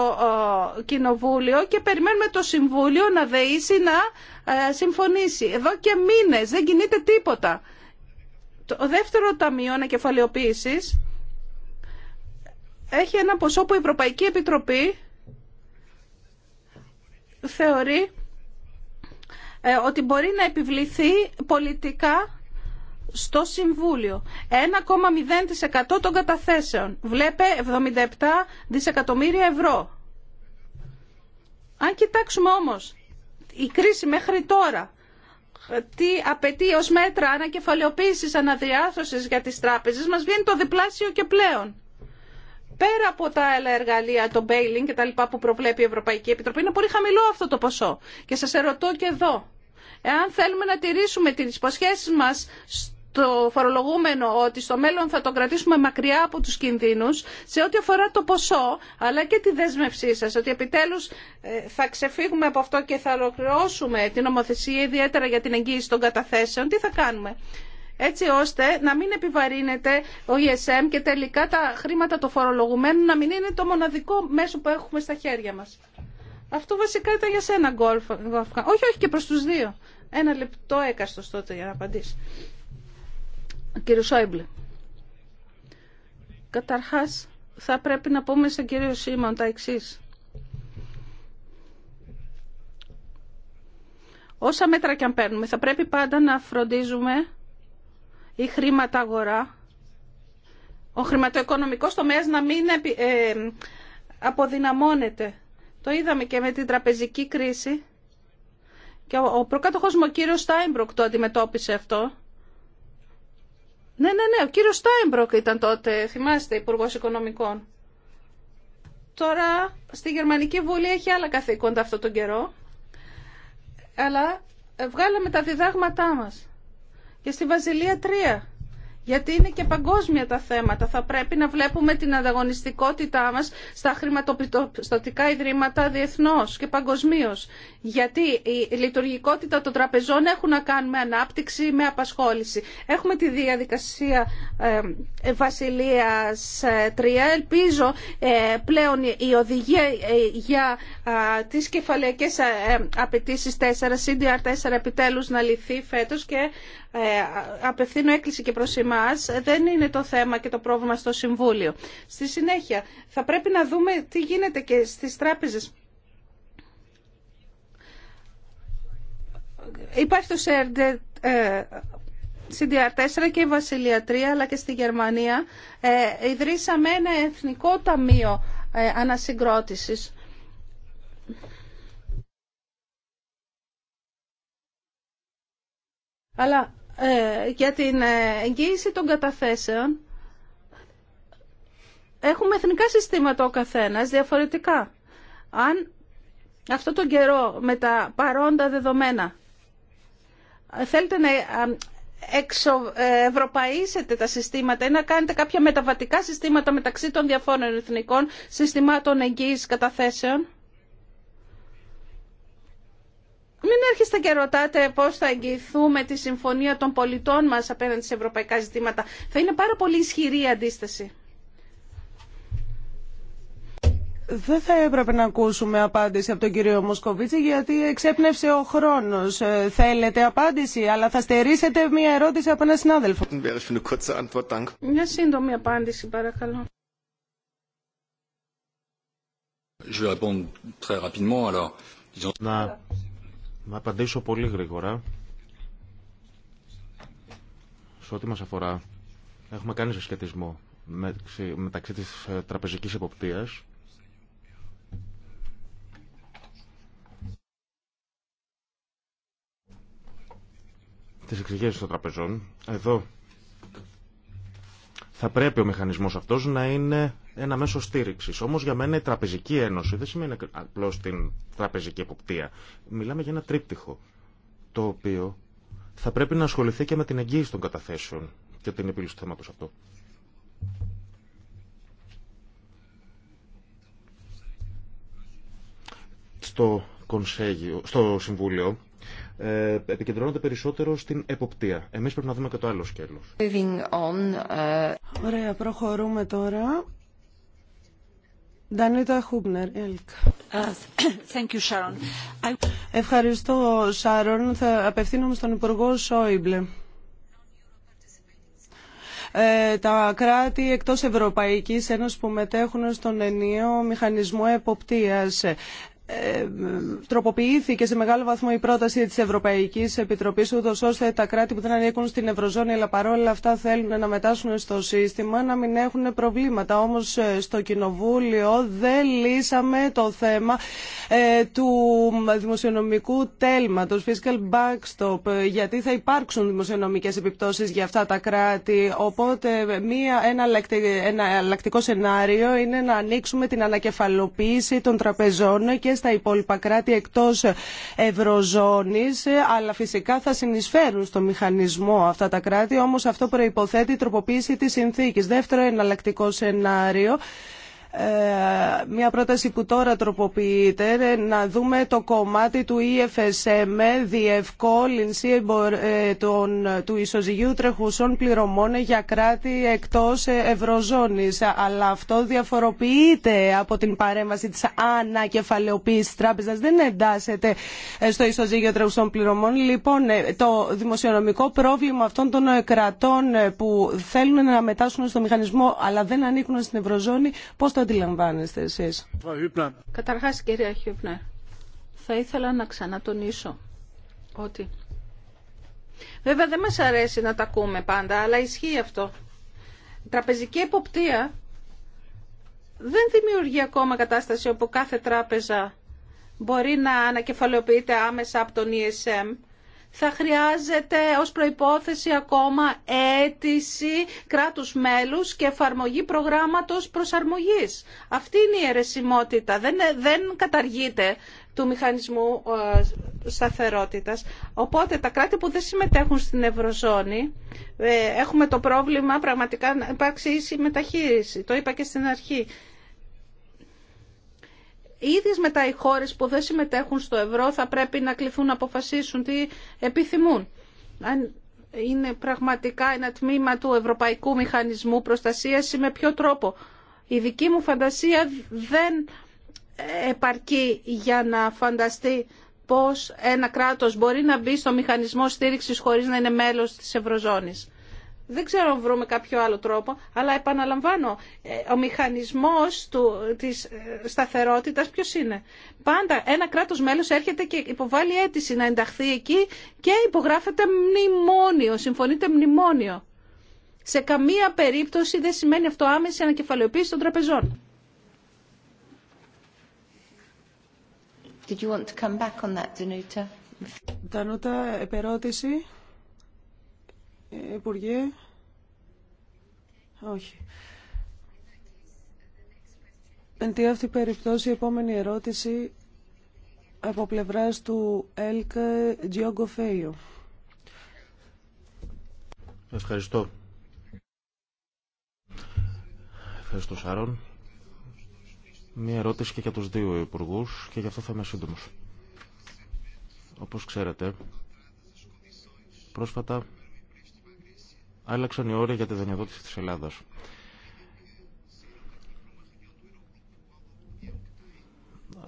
ε, Κοινοβούλιο και περιμένουμε το Συμβούλιο να δεήσει να συμφωνήσει. Εδώ και μήνες δεν κινείται τίποτα. Το δεύτερο ταμείο ανακεφαλαιοποίησης έχει ένα ποσό που η Ευρωπαϊκή Επιτροπή θεωρεί ότι μπορεί να επιβληθεί πολιτικά στο Συμβούλιο. 1,0% των καταθέσεων. Βλέπε 77 δισεκατομμύρια ευρώ. Αν κοιτάξουμε όμως η κρίση μέχρι τώρα, τι απαιτεί ως μέτρα ανακεφαλαιοποίησης, αναδιάθρωσης για τις τράπεζες, μας βγαίνει το διπλάσιο και πλέον. Πέρα από τα άλλα εργαλεία, το bailing και τα λοιπά που προβλέπει η Ευρωπαϊκή Επιτροπή, είναι πολύ χαμηλό αυτό το ποσό. Και σας ερωτώ και εδώ, εάν θέλουμε να τηρήσουμε τις υποσχέσεις μας το φορολογούμενο ότι στο μέλλον θα τον κρατήσουμε μακριά από τους κινδύνους σε ό,τι αφορά το ποσό αλλά και τη δέσμευσή σας ότι επιτέλους ε, θα ξεφύγουμε από αυτό και θα ολοκληρώσουμε την νομοθεσία ιδιαίτερα για την εγγύηση των καταθέσεων. Τι θα κάνουμε έτσι ώστε να μην επιβαρύνεται ο ESM και τελικά τα χρήματα των φορολογουμένων να μην είναι το μοναδικό μέσο που έχουμε στα χέρια μας. Αυτό βασικά ήταν για σένα γκολφ. Όχι, όχι και προς τους δύο. Ένα λεπτό έκαστος τότε για να απαντήσει. Κύριο Σόιμπλε. Καταρχάς, θα πρέπει να πούμε στον κύριο Σίμων τα εξής. Όσα μέτρα και αν παίρνουμε, θα πρέπει πάντα να φροντίζουμε η χρήματα αγορά, ο χρηματοοικονομικός τομέας να μην ε, αποδυναμώνεται. Το είδαμε και με την τραπεζική κρίση. Και ο προκάτοχος μου, ο κύριος Στάιμπροκ, το αντιμετώπισε αυτό ναι, ναι, ναι, ο κύριο Στάιμπροκ ήταν τότε, θυμάστε, υπουργό Οικονομικών. Τώρα στη Γερμανική Βουλή έχει άλλα καθήκοντα αυτόν τον καιρό, αλλά βγάλαμε τα διδάγματά μας. Και στη βασιλεία 3 γιατί είναι και παγκόσμια τα θέματα. Θα πρέπει να βλέπουμε την ανταγωνιστικότητά μας στα χρηματοπιστωτικά ιδρύματα διεθνώς και παγκοσμίω. Γιατί η λειτουργικότητα των τραπεζών έχουν να κάνουν με ανάπτυξη, με απασχόληση. Έχουμε τη διαδικασία ε, Βασιλείας 3. Ε, Ελπίζω ε, πλέον η οδηγία ε, για ε, τις κεφαλαιακές απαιτήσει 4, CDR 4 επιτέλου, να λυθεί φέτο και ε, απευθύνω έκκληση και προς εμάς, δεν είναι το θέμα και το πρόβλημα στο Συμβούλιο. Στη συνέχεια, θα πρέπει να δούμε τι γίνεται και στις τράπεζες. Υπάρχει το CDR4 ε, και η Βασιλεία 3, αλλά και στη Γερμανία ε, ιδρύσαμε ένα εθνικό ταμείο ανασυγκρότησης. Αλλά ε, για την ε, εγγύηση των καταθέσεων έχουμε εθνικά συστήματα ο καθένας διαφορετικά. Αν αυτό τον καιρό με τα παρόντα δεδομένα ε, θέλετε να εξοευρωπαίσετε τα συστήματα ή να κάνετε κάποια μεταβατικά συστήματα μεταξύ των διαφόρων εθνικών συστημάτων εγγύησης καταθέσεων Μην έρχεστε και ρωτάτε πώς θα εγγυηθούμε τη συμφωνία των πολιτών μας απέναντι σε ευρωπαϊκά ζητήματα. Θα είναι πάρα πολύ ισχυρή η αντίσταση. Δεν θα έπρεπε να ακούσουμε απάντηση από τον κύριο Μοσκοβίτση γιατί εξέπνευσε ο χρόνος. Ε, θέλετε απάντηση, αλλά θα στερήσετε μια ερώτηση από έναν συνάδελφο. Μια σύντομη απάντηση, παρακαλώ. Να να απαντήσω πολύ γρήγορα. Σε ό,τι μας αφορά, έχουμε κάνει σχετισμό μεταξύ της ε, τραπεζικής εποπτείας τις εξηγήσεις των τραπεζών. Εδώ θα πρέπει ο μηχανισμός αυτός να είναι ένα μέσο στήριξη. Όμω για μένα η Τραπεζική Ένωση δεν σημαίνει απλώ την τραπεζική εποπτεία. Μιλάμε για ένα τρίπτυχο. Το οποίο θα πρέπει να ασχοληθεί και με την εγγύηση των καταθέσεων και την επίλυση του θέματο αυτό. Στο, κονσέγιο, στο Συμβούλιο ε, επικεντρώνονται περισσότερο στην εποπτεία. Εμείς πρέπει να δούμε και το άλλο σκέλος. Ε, Ωραία, προχωρούμε τώρα Ευχαριστώ, Σάρον. Θα απευθύνομαι στον Υπουργό Σόιμπλε. Ε, τα κράτη εκτός Ευρωπαϊκής Ένωσης που μετέχουν στον ενίο μηχανισμό εποπτείας. Ε, τροποποιήθηκε σε μεγάλο βαθμό η πρόταση της Ευρωπαϊκής Επιτροπής ούτως ώστε τα κράτη που δεν ανήκουν στην Ευρωζώνη αλλά παρόλα αυτά θέλουν να μετάσχουν στο σύστημα να μην έχουν προβλήματα. Όμως ε, στο Κοινοβούλιο δεν λύσαμε το θέμα ε, του δημοσιονομικού τέλματος, fiscal backstop, γιατί θα υπάρξουν δημοσιονομικές επιπτώσεις για αυτά τα κράτη. Οπότε μία, ένα αλλακτικό σενάριο είναι να ανοίξουμε την ανακεφαλοποίηση των τραπεζών και στα υπόλοιπα κράτη εκτός Ευρωζώνης, αλλά φυσικά θα συνεισφέρουν στο μηχανισμό αυτά τα κράτη, όμως αυτό προϋποθέτει τροποποίηση της συνθήκης. Δεύτερο εναλλακτικό σενάριο ε, μια πρόταση που τώρα τροποποιείται ε, να δούμε το κομμάτι του EFSM διευκόλυνση ε, του ισοζυγίου τρεχουσών πληρωμών για κράτη εκτός ευρωζώνης αλλά αυτό διαφοροποιείται από την παρέμβαση της ανακεφαλαιοποίησης τράπεζας δεν εντάσσεται στο ισοζύγιο τρεχουσών πληρωμών λοιπόν το δημοσιονομικό πρόβλημα αυτών των κρατών που θέλουν να μετάσχουν στο μηχανισμό αλλά δεν ανήκουν στην ευρωζώνη πώς αντιλαμβάνεστε εσείς. Καταρχάς κυρία Χιούπνερ, θα ήθελα να ξανατονίσω ότι βέβαια δεν μας αρέσει να τα ακούμε πάντα, αλλά ισχύει αυτό. τραπεζική εποπτεία δεν δημιουργεί ακόμα κατάσταση όπου κάθε τράπεζα μπορεί να ανακεφαλαιοποιείται άμεσα από τον ESM θα χρειάζεται ως προϋπόθεση ακόμα αίτηση κράτους μέλους και εφαρμογή προγράμματος προσαρμογής. Αυτή είναι η αιρεσιμότητα. Δεν, δεν καταργείται του μηχανισμού ε, σταθερότητας. Οπότε τα κράτη που δεν συμμετέχουν στην Ευρωζώνη ε, έχουμε το πρόβλημα πραγματικά να υπάρξει ίση μεταχείριση. Το είπα και στην αρχή οι μετά οι χώρες που δεν συμμετέχουν στο ευρώ θα πρέπει να κληθούν να αποφασίσουν τι επιθυμούν. Αν είναι πραγματικά ένα τμήμα του Ευρωπαϊκού Μηχανισμού Προστασίας ή με ποιο τρόπο. Η δική μου φαντασία δεν επαρκεί για να φανταστεί πώς ένα κράτος μπορεί να μπει στο μηχανισμό στήριξης χωρίς να είναι μέλος της Ευρωζώνης. Δεν ξέρω αν βρούμε κάποιο άλλο τρόπο, αλλά επαναλαμβάνω, ε, ο μηχανισμός του, της ε, σταθερότητας ποιος είναι. Πάντα ένα κράτος μέλος έρχεται και υποβάλλει αίτηση να ενταχθεί εκεί και υπογράφεται μνημόνιο, συμφωνείται μνημόνιο. Σε καμία περίπτωση δεν σημαίνει αυτό άμεση ανακεφαλαιοποίηση των τραπεζών. Did you want to come back on that, Danuta? Danuta, Υπουργέ. Όχι. Εν τη αυτή περιπτώσει η επόμενη ερώτηση από πλευράς του ΕΛΚ Τζιόγκο Φέιο. Ευχαριστώ. Ευχαριστώ Σάρων. Μία ερώτηση και για τους δύο υπουργού και γι' αυτό θα είμαι σύντομος. Όπως ξέρετε, πρόσφατα άλλαξαν οι όρια για τη δανειοδότηση της Ελλάδας.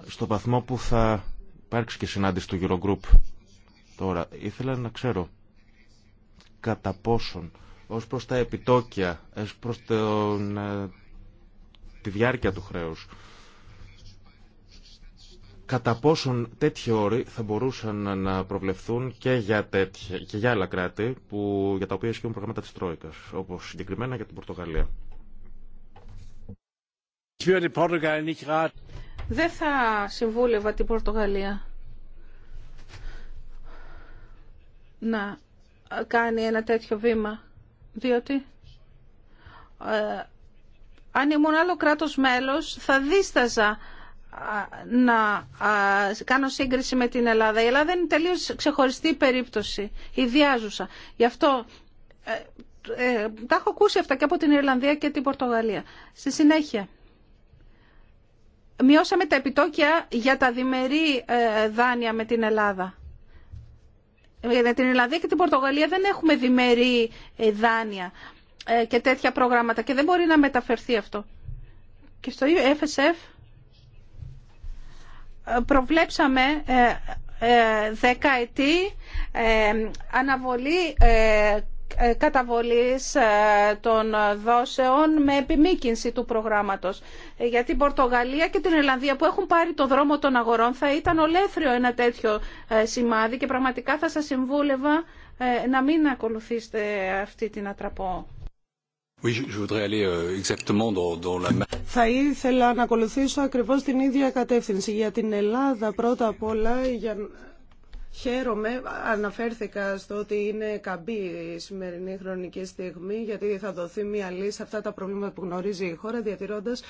Στο βαθμό που θα υπάρξει και συνάντηση του Eurogroup τώρα, ήθελα να ξέρω κατά πόσον ως προς τα επιτόκια, ως προς τον, ε, τη διάρκεια του χρέους, κατά πόσον τέτοιοι όροι θα μπορούσαν να προβλεφθούν και για, τέτοια, και για άλλα κράτη που, για τα οποία ισχύουν προγράμματα της Τρόικας, όπως συγκεκριμένα για την Πορτογαλία. Δεν θα συμβούλευα την Πορτογαλία να κάνει ένα τέτοιο βήμα, διότι ε, αν ήμουν άλλο κράτος μέλος θα δίσταζα να κάνω σύγκριση με την Ελλάδα. Η Ελλάδα είναι τελείως ξεχωριστή περίπτωση, ιδιάζουσα. Γι' αυτό ε, ε, τα έχω ακούσει αυτά και από την Ιρλανδία και την Πορτογαλία. Στη συνέχεια, μειώσαμε τα επιτόκια για τα διμερεί ε, δάνεια με την Ελλάδα. Για ε, την Ιρλανδία και την Πορτογαλία δεν έχουμε διμερεί δάνεια και τέτοια προγράμματα και δεν μπορεί να μεταφερθεί αυτό. Και στο FSF προβλέψαμε ε, ε, δεκαετή ε, αναβολή καταβολής των δόσεων με επιμήκυνση του προγράμματος. Γιατί η Πορτογαλία και την Ελλανδία που έχουν πάρει το δρόμο των αγορών θα ήταν ολέθριο ένα τέτοιο σημάδι και πραγματικά θα σας συμβούλευα να μην ακολουθήσετε αυτή την ατραπό Euh, θα ήθελα να ακολουθήσω ακριβώς την ίδια κατεύθυνση. Για την Ελλάδα πρώτα απ' όλα για... χαίρομαι, αναφέρθηκα στο ότι είναι καμπή η σημερινή χρονική στιγμή γιατί θα δοθεί μια λύση σε αυτά τα προβλήματα που γνωρίζει η χώρα διατηρώντας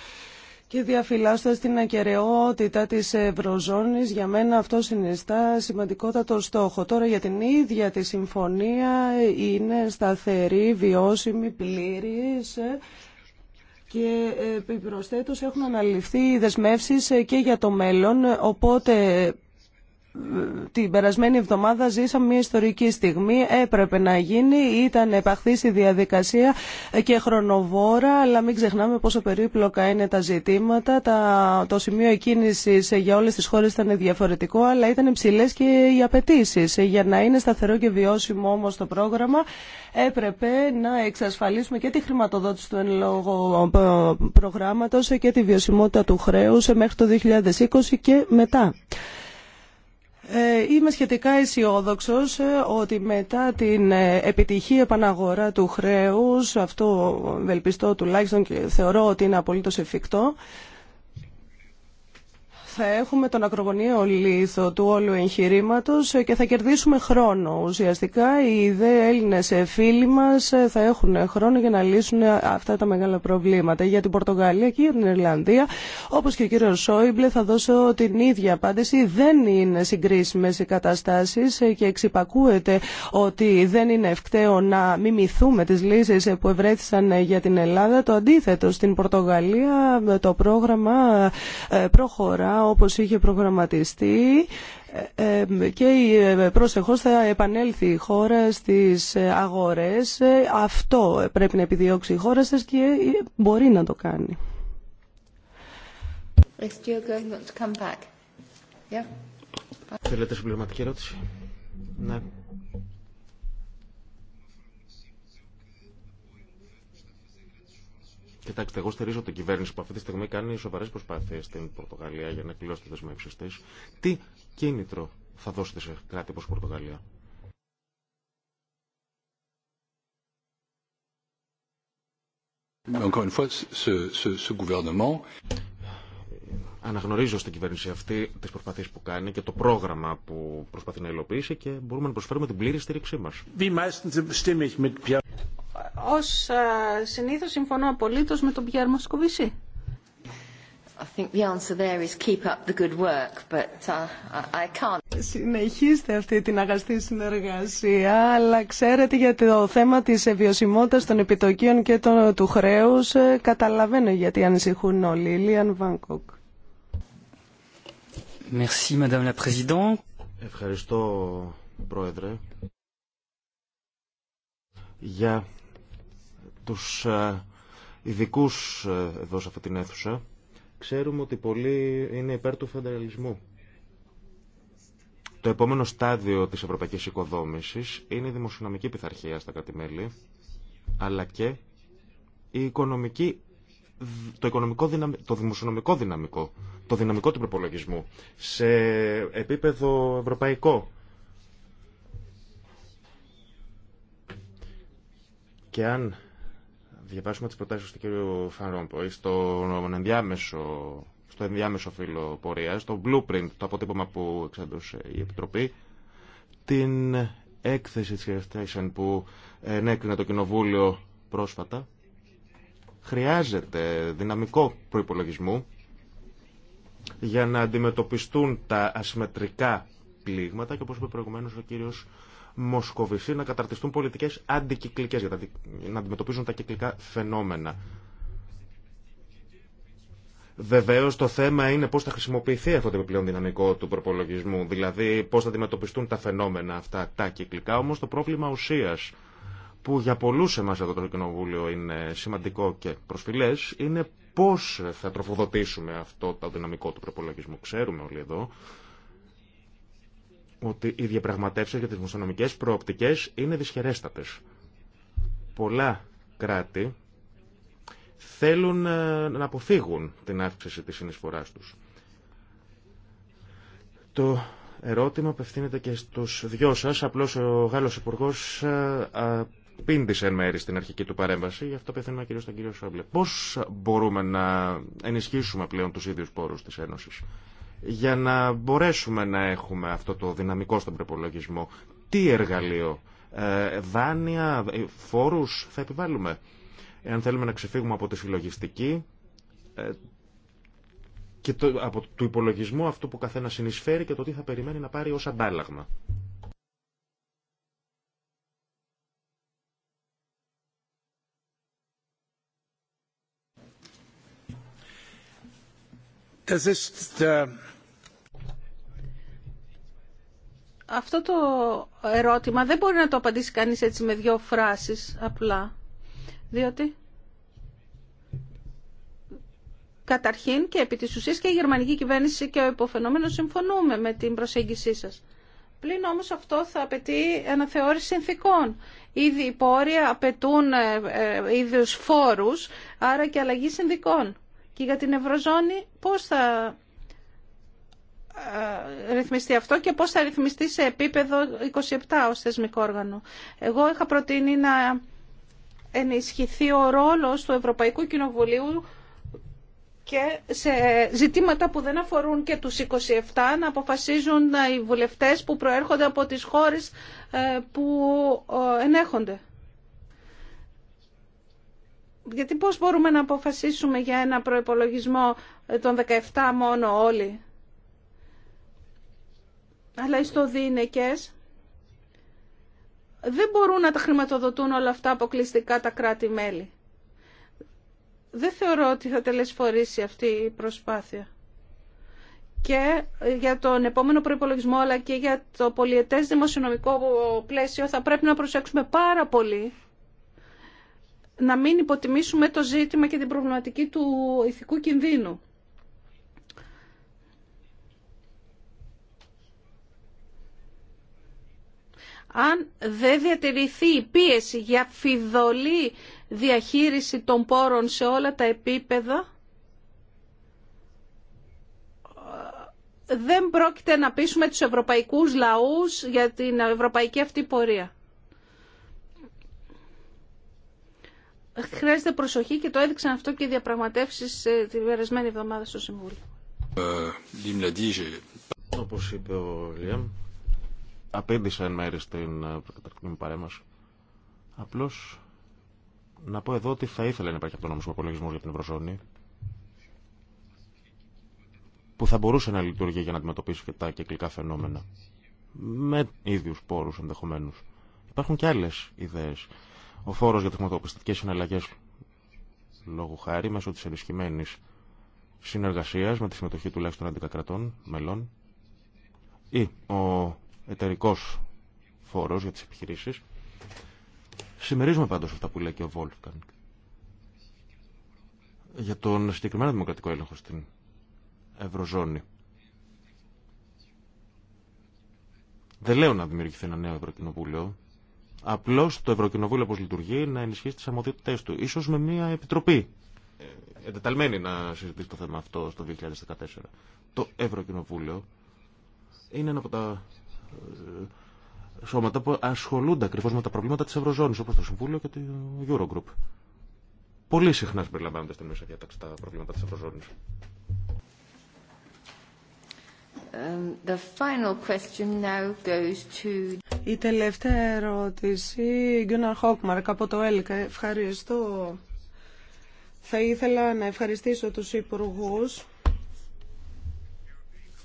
και διαφυλάστα την ακαιρεότητα της Ευρωζώνης. Για μένα αυτό συνιστά σημαντικότατο στόχο. Τώρα για την ίδια τη συμφωνία είναι σταθερή, βιώσιμη, πλήρης και επιπροσθέτως έχουν αναλυφθεί οι δεσμεύσεις και για το μέλλον, οπότε την περασμένη εβδομάδα ζήσαμε μια ιστορική στιγμή. Έπρεπε να γίνει, ήταν επαχθής η διαδικασία και χρονοβόρα, αλλά μην ξεχνάμε πόσο περίπλοκα είναι τα ζητήματα. Τα, το σημείο εκκίνηση για όλε τι χώρε ήταν διαφορετικό, αλλά ήταν υψηλέ και οι απαιτήσει. Για να είναι σταθερό και βιώσιμο όμω το πρόγραμμα, έπρεπε να εξασφαλίσουμε και τη χρηματοδότηση του εν λόγω ε, προγράμματο και τη βιωσιμότητα του χρέου μέχρι το 2020 και μετά. Ε, είμαι σχετικά αισιόδοξο ε, ότι μετά την ε, επιτυχή επαναγορά του χρέους, αυτό ευελπιστώ τουλάχιστον και θεωρώ ότι είναι απολύτως εφικτό, θα έχουμε τον ακρογωνίο λίθο του όλου εγχειρήματο και θα κερδίσουμε χρόνο. Ουσιαστικά οι δε Έλληνε φίλοι μα θα έχουν χρόνο για να λύσουν αυτά τα μεγάλα προβλήματα. Για την Πορτογαλία και για την Ιρλανδία, όπω και ο κύριο Σόιμπλε, θα δώσω την ίδια απάντηση. Δεν είναι συγκρίσιμε οι καταστάσει και εξυπακούεται ότι δεν είναι ευκταίο να μιμηθούμε τι λύσει που ευρέθησαν για την Ελλάδα. Το αντίθετο, στην Πορτογαλία το πρόγραμμα ε, προχωρά όπως είχε προγραμματιστεί ε, ε, και ε, προσεχώς θα επανέλθει η χώρα στις αγορές. Αυτό πρέπει να επιδιώξει η χώρα σας και μπορεί να το κάνει. Θέλετε συμπληρωματική ερώτηση. Ναι. Κοιτάξτε, εγώ στηρίζω την κυβέρνηση που αυτή τη στιγμή κάνει σοβαρέ προσπάθειε στην Πορτογαλία για να εκπληρώσει τι δεσμεύσει τη. Τι κίνητρο θα δώσετε σε κράτη όπω Πορτογαλία. αναγνωρίζω στην κυβέρνηση αυτή τι προσπαθίε που κάνει και το πρόγραμμα που προσπαθεί να υλοποιήσει και μπορούμε να προσφέρουμε την πλήρη στήριξή μα ως συνήθως συμφωνώ απολύτως με τον Πιέρ Μοσκοβισή. Συνεχίστε αυτή την αγαστή συνεργασία, αλλά ξέρετε για το θέμα της βιωσιμότητας των επιτοκίων και το, του χρέους, ε, καταλαβαίνω γιατί ανησυχούν όλοι. Λίαν Βανκόκ. Ευχαριστώ, Πρόεδρε. Για τους ε, ειδικού ε, εδώ σε αυτή την αίθουσα, ξέρουμε ότι πολλοί είναι υπέρ του φεντεραλισμού. Το επόμενο στάδιο της ευρωπαϊκής οικοδόμησης είναι η δημοσιονομική πειθαρχία στα κράτη-μέλη, αλλά και η οικονομική, το, οικονομικό το δημοσιονομικό δυναμικό, το δυναμικό του προπολογισμού σε επίπεδο ευρωπαϊκό. Και αν διαβάσουμε τι προτάσει του κ. Φανρόμποη στο ενδιάμεσο, στο ενδιάμεσο φύλλο πορείας, το blueprint, το αποτύπωμα που εξαντλούσε η Επιτροπή, την έκθεση της Station που ενέκρινε το Κοινοβούλιο πρόσφατα, χρειάζεται δυναμικό προϋπολογισμού για να αντιμετωπιστούν τα ασυμμετρικά πλήγματα και όπως είπε προηγουμένως ο κύριος Μοσκοβισή να καταρτιστούν πολιτικές αντικυκλικές για να αντιμετωπίζουν τα κυκλικά φαινόμενα. Βεβαίω το θέμα είναι πώ θα χρησιμοποιηθεί αυτό το επιπλέον δυναμικό του προπολογισμού, δηλαδή πώ θα αντιμετωπιστούν τα φαινόμενα αυτά τα κυκλικά. Όμω το πρόβλημα ουσία που για πολλού εμά εδώ το Κοινοβούλιο είναι σημαντικό και προσφυλέ είναι πώ θα τροφοδοτήσουμε αυτό το δυναμικό του προπολογισμού. Ξέρουμε όλοι εδώ ότι οι διαπραγματεύσεις για τις δημοσιονομικές προοπτικές είναι δυσχερέστατες. Πολλά κράτη θέλουν ε, να αποφύγουν την αύξηση της συνεισφοράς τους. Το ερώτημα απευθύνεται και στους δυο σας. Απλώς ο Γάλλος Υπουργός ε, πίντησε εν μέρη στην αρχική του παρέμβαση, γι' αυτό απευθύνουμε κυρίως στον κύριο Σόμπλε. Πώς μπορούμε να ενισχύσουμε πλέον τους ίδιους πόρους της Ένωσης για να μπορέσουμε να έχουμε αυτό το δυναμικό στον προπολογισμό. Τι εργαλείο, ε, δάνεια, ε, φόρους θα επιβάλλουμε. Εάν θέλουμε να ξεφύγουμε από τη συλλογιστική ε, και από του υπολογισμού αυτού που καθένα συνεισφέρει και το τι θα περιμένει να πάρει ως αντάλλαγμα. Das ist αυτό το ερώτημα δεν μπορεί να το απαντήσει κανείς έτσι με δύο φράσεις απλά. Διότι καταρχήν και επί της ουσίας και η γερμανική κυβέρνηση και ο υποφαινόμενος συμφωνούμε με την προσέγγισή σας. Πλην όμως αυτό θα απαιτεί αναθεώρηση συνθήκων. Ήδη οι πόρια απαιτούν ε, ε, ίδιους φόρους, άρα και αλλαγή συνδικών. Και για την Ευρωζώνη πώς θα ε, ρυθμιστεί αυτό και πώς θα ρυθμιστεί σε επίπεδο 27 ως θεσμικό όργανο. Εγώ είχα προτείνει να ενισχυθεί ο ρόλος του Ευρωπαϊκού Κοινοβουλίου και σε ζητήματα που δεν αφορούν και τους 27 να αποφασίζουν οι βουλευτές που προέρχονται από τις χώρες ε, που ε, ενέχονται. Γιατί πώς μπορούμε να αποφασίσουμε για ένα προϋπολογισμό των 17 μόνο όλοι αλλά οι στοδίνεκες δεν μπορούν να τα χρηματοδοτούν όλα αυτά αποκλειστικά τα κράτη-μέλη. Δεν θεωρώ ότι θα τελεσφορήσει αυτή η προσπάθεια. Και για τον επόμενο προϋπολογισμό αλλά και για το πολιετές δημοσιονομικό πλαίσιο θα πρέπει να προσέξουμε πάρα πολύ να μην υποτιμήσουμε το ζήτημα και την προβληματική του ηθικού κινδύνου. αν δεν διατηρηθεί η πίεση για φιδωλή διαχείριση των πόρων σε όλα τα επίπεδα, δεν πρόκειται να πείσουμε τους ευρωπαϊκούς λαούς για την ευρωπαϊκή αυτή πορεία. Χρειάζεται προσοχή και το έδειξαν αυτό και οι διαπραγματεύσεις ε, τη περασμένη εβδομάδα στο Συμβούλιο. Ε, Όπως είπε ο απέντησα εν μέρη στην προκαταρκτική ε, μου παρέμβαση. Απλώς να πω εδώ ότι θα ήθελα να υπάρχει ο απολογισμό για την Ευρωζώνη που θα μπορούσε να λειτουργεί για να αντιμετωπίσει και τα κυκλικά φαινόμενα με ίδιου πόρου ενδεχομένω. Υπάρχουν και άλλε ιδέε. Ο φόρο για τι χρηματοπιστικές συναλλαγές λόγου χάρη μέσω τη ενισχυμένη συνεργασία με τη συμμετοχή τουλάχιστον 11 κρατών μελών ή ο Εταιρικό φόρο για τις επιχειρήσεις. Συμμερίζουμε πάντω αυτά που λέει και ο Βόλφκανγκ για τον συγκεκριμένο δημοκρατικό έλεγχο στην Ευρωζώνη. Δεν λέω να δημιουργηθεί ένα νέο Ευρωκοινοβούλιο. Απλώ το Ευρωκοινοβούλιο όπω λειτουργεί να ενισχύσει τι αμμοδιότητέ του. σω με μια επιτροπή ε, εντεταλμένη να συζητήσει το θέμα αυτό στο 2014. Το Ευρωκοινοβούλιο είναι ένα από τα ε, σώματα που ασχολούνται ακριβώ με τα προβλήματα τη Ευρωζώνης, όπω το Συμβούλιο και το Eurogroup. Πολύ συχνά συμπεριλαμβάνονται στην μέσα διάταξη τα προβλήματα τη Ευρωζώνης. Um, Η τελευταία ερώτηση, Γκούναρ Χόκμαρκ από το ΕΛΚΑ. Ευχαριστώ. Θα ήθελα να ευχαριστήσω τους υπουργούς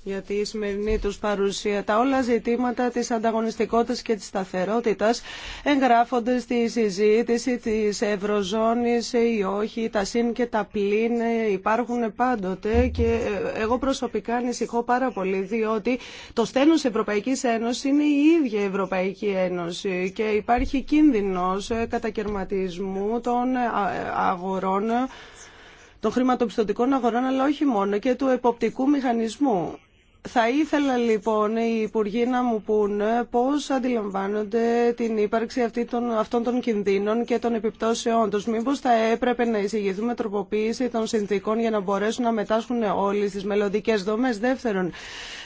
γιατί τη σημερινή τους παρουσία τα όλα ζητήματα της ανταγωνιστικότητας και της σταθερότητας εγγράφονται στη συζήτηση της Ευρωζώνης ή όχι, τα συν και τα πλήν ε, υπάρχουν πάντοτε και ε, εγώ προσωπικά ανησυχώ πάρα πολύ διότι το στένος Ευρωπαϊκής Ένωσης είναι η ίδια Ευρωπαϊκή Ένωση και υπάρχει κίνδυνος ε, κατακαιρματισμού των αγορών των χρηματοπιστωτικών αγορών, αλλά όχι μόνο και του εποπτικού μηχανισμού. Θα ήθελα λοιπόν οι Υπουργοί να μου πούν πώς αντιλαμβάνονται την ύπαρξη αυτή των, αυτών των κινδύνων και των επιπτώσεών τους. Μήπως θα έπρεπε να εισηγηθούμε τροποποίηση των συνθήκων για να μπορέσουν να μετάσχουν όλοι στις μελλοντικές δομές. Δεύτερον,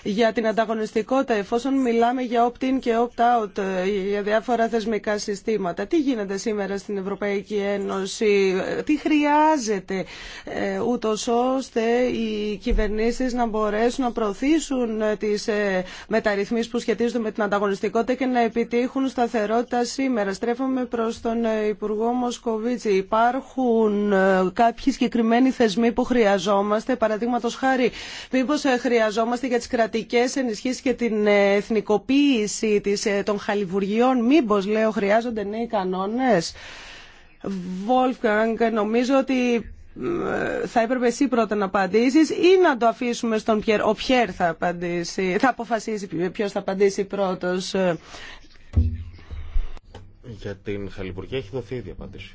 για την ανταγωνιστικότητα, εφόσον μιλάμε για opt-in και opt-out ε, για διάφορα θεσμικά συστήματα, τι γίνεται σήμερα στην Ευρωπαϊκή Ένωση, ε, τι χρειάζεται ε, ούτως ώστε οι κυβερνήσεις να μπορέσουν να προωθήσουν τι ε, τις ε, μεταρρυθμίσεις που σχετίζονται με την ανταγωνιστικότητα και να επιτύχουν σταθερότητα σήμερα. Στρέφομαι προς τον ε, Υπουργό Μοσκοβίτση. Υπάρχουν κάποιοι συγκεκριμένοι θεσμοί που χρειαζόμαστε, παραδείγματο χάρη. Μήπως χρειαζόμαστε για τις κρατικές ενισχύσεις και την εθνικοποίηση των χαλιβουργιών. μήπω λέω, χρειάζονται νέοι κανόνε, Wolfgang, νομίζω ότι θα έπρεπε εσύ πρώτα να απαντήσει ή να το αφήσουμε στον Πιέρ. Ο Πιέρ θα, απαντήσει, θα αποφασίσει ποιος θα απαντήσει πρώτος. Για την Χαλιβουργία έχει δοθεί ήδη απάντηση.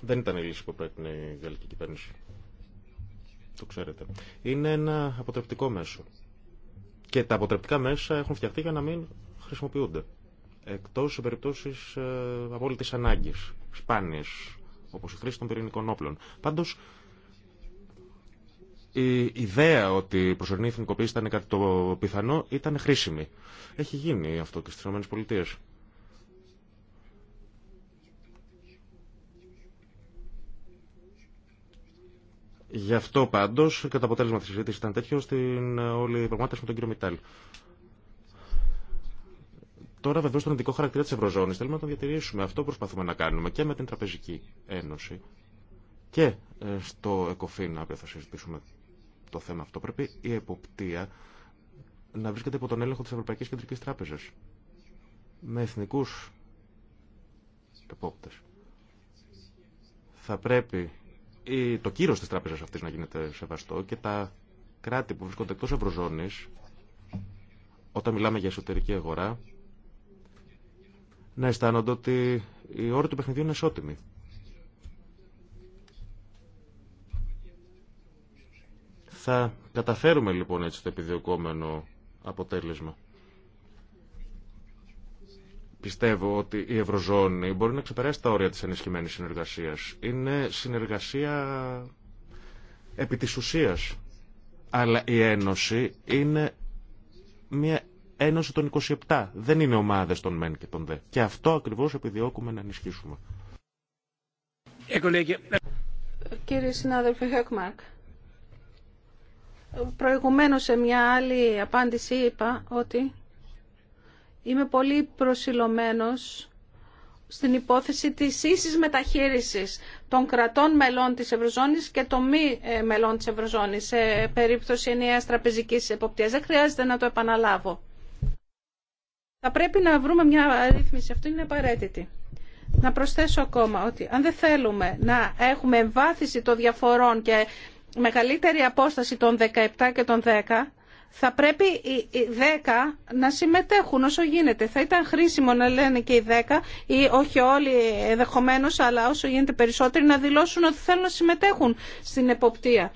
Δεν ήταν η λύση που είναι η γαλλική κυβέρνηση. Το ξέρετε. Είναι ένα αποτρεπτικό μέσο. Και τα αποτρεπτικά μέσα έχουν φτιαχτεί για να μην χρησιμοποιούνται εκτός σε περιπτώσεις ε, απόλυτης ανάγκης, σπάνιες, όπως η χρήση των πυρηνικών όπλων. Πάντως, η ιδέα ότι η προσωρινή εθνικοποίηση ήταν κάτι το πιθανό ήταν χρήσιμη. Έχει γίνει αυτό και στις ΗΠΑ. Γι' αυτό πάντως και το αποτέλεσμα της συζήτησης ήταν τέτοιο στην ε, όλη η με τον κύριο Μιτάλη τώρα βεβαίω τον ειδικό χαρακτήρα τη Ευρωζώνη θέλουμε να τον διατηρήσουμε. Αυτό προσπαθούμε να κάνουμε και με την Τραπεζική Ένωση και ε, στο ΕΚΟΦΗΝ, αύριο θα συζητήσουμε το θέμα αυτό. Πρέπει η εποπτεία να βρίσκεται υπό τον έλεγχο τη Ευρωπαϊκή Κεντρική Τράπεζα με εθνικού επόπτε. Θα πρέπει το κύρο τη τράπεζα αυτή να γίνεται σεβαστό και τα κράτη που βρίσκονται εκτό Ευρωζώνη, όταν μιλάμε για εσωτερική αγορά, να αισθάνονται ότι η ώρα του παιχνιδιού είναι ισότιμη. Θα καταφέρουμε λοιπόν έτσι το επιδιωκόμενο αποτέλεσμα. Πιστεύω ότι η Ευρωζώνη μπορεί να ξεπεράσει τα όρια της ενισχυμένης συνεργασίας. Είναι συνεργασία επί της ουσίας. Αλλά η Ένωση είναι μια Ένωση των 27. Δεν είναι ομάδες των ΜΕΝ και των ΔΕ. Και αυτό ακριβώς επιδιώκουμε να ενισχύσουμε. Κύριε συνάδελφε Χέκμαρκ, προηγουμένως σε μια άλλη απάντηση είπα ότι είμαι πολύ προσιλωμένος στην υπόθεση της ίσης μεταχείρισης των κρατών μελών της Ευρωζώνης και των μη ε, μελών της Ευρωζώνης σε περίπτωση ενιαίας τραπεζικής εποπτείας. Δεν χρειάζεται να το επαναλάβω. Θα πρέπει να βρούμε μια αρρύθμιση. Αυτό είναι απαραίτητη. Να προσθέσω ακόμα ότι αν δεν θέλουμε να έχουμε εμβάθυνση των διαφορών και μεγαλύτερη απόσταση των 17 και των 10, θα πρέπει οι 10 να συμμετέχουν όσο γίνεται. Θα ήταν χρήσιμο να λένε και οι 10 ή όχι όλοι ενδεχομένω, αλλά όσο γίνεται περισσότεροι να δηλώσουν ότι θέλουν να συμμετέχουν στην εποπτεία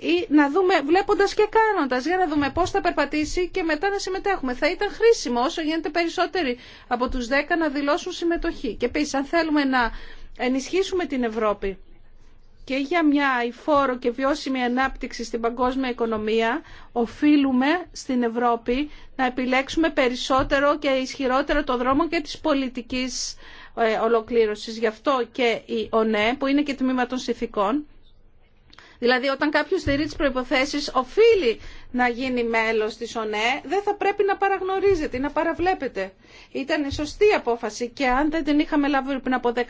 ή να δούμε βλέποντας και κάνοντας για να δούμε πώς θα περπατήσει και μετά να συμμετέχουμε. Θα ήταν χρήσιμο όσο γίνεται περισσότεροι από τους 10 να δηλώσουν συμμετοχή. Και επίση αν θέλουμε να ενισχύσουμε την Ευρώπη και για μια υφόρο και βιώσιμη ανάπτυξη στην παγκόσμια οικονομία, οφείλουμε στην Ευρώπη να επιλέξουμε περισσότερο και ισχυρότερο το δρόμο και της πολιτικής ε, ολοκλήρωσης. Γι' αυτό και η ΟΝΕ, που είναι και τμήμα των συνθηκών, Δηλαδή όταν κάποιο στηρεί τις προϋποθέσεις οφείλει να γίνει μέλος της ΟΝΕ, δεν θα πρέπει να παραγνωρίζεται ή να παραβλέπεται. Ήταν σωστή απόφαση και αν δεν την είχαμε λάβει πριν από 10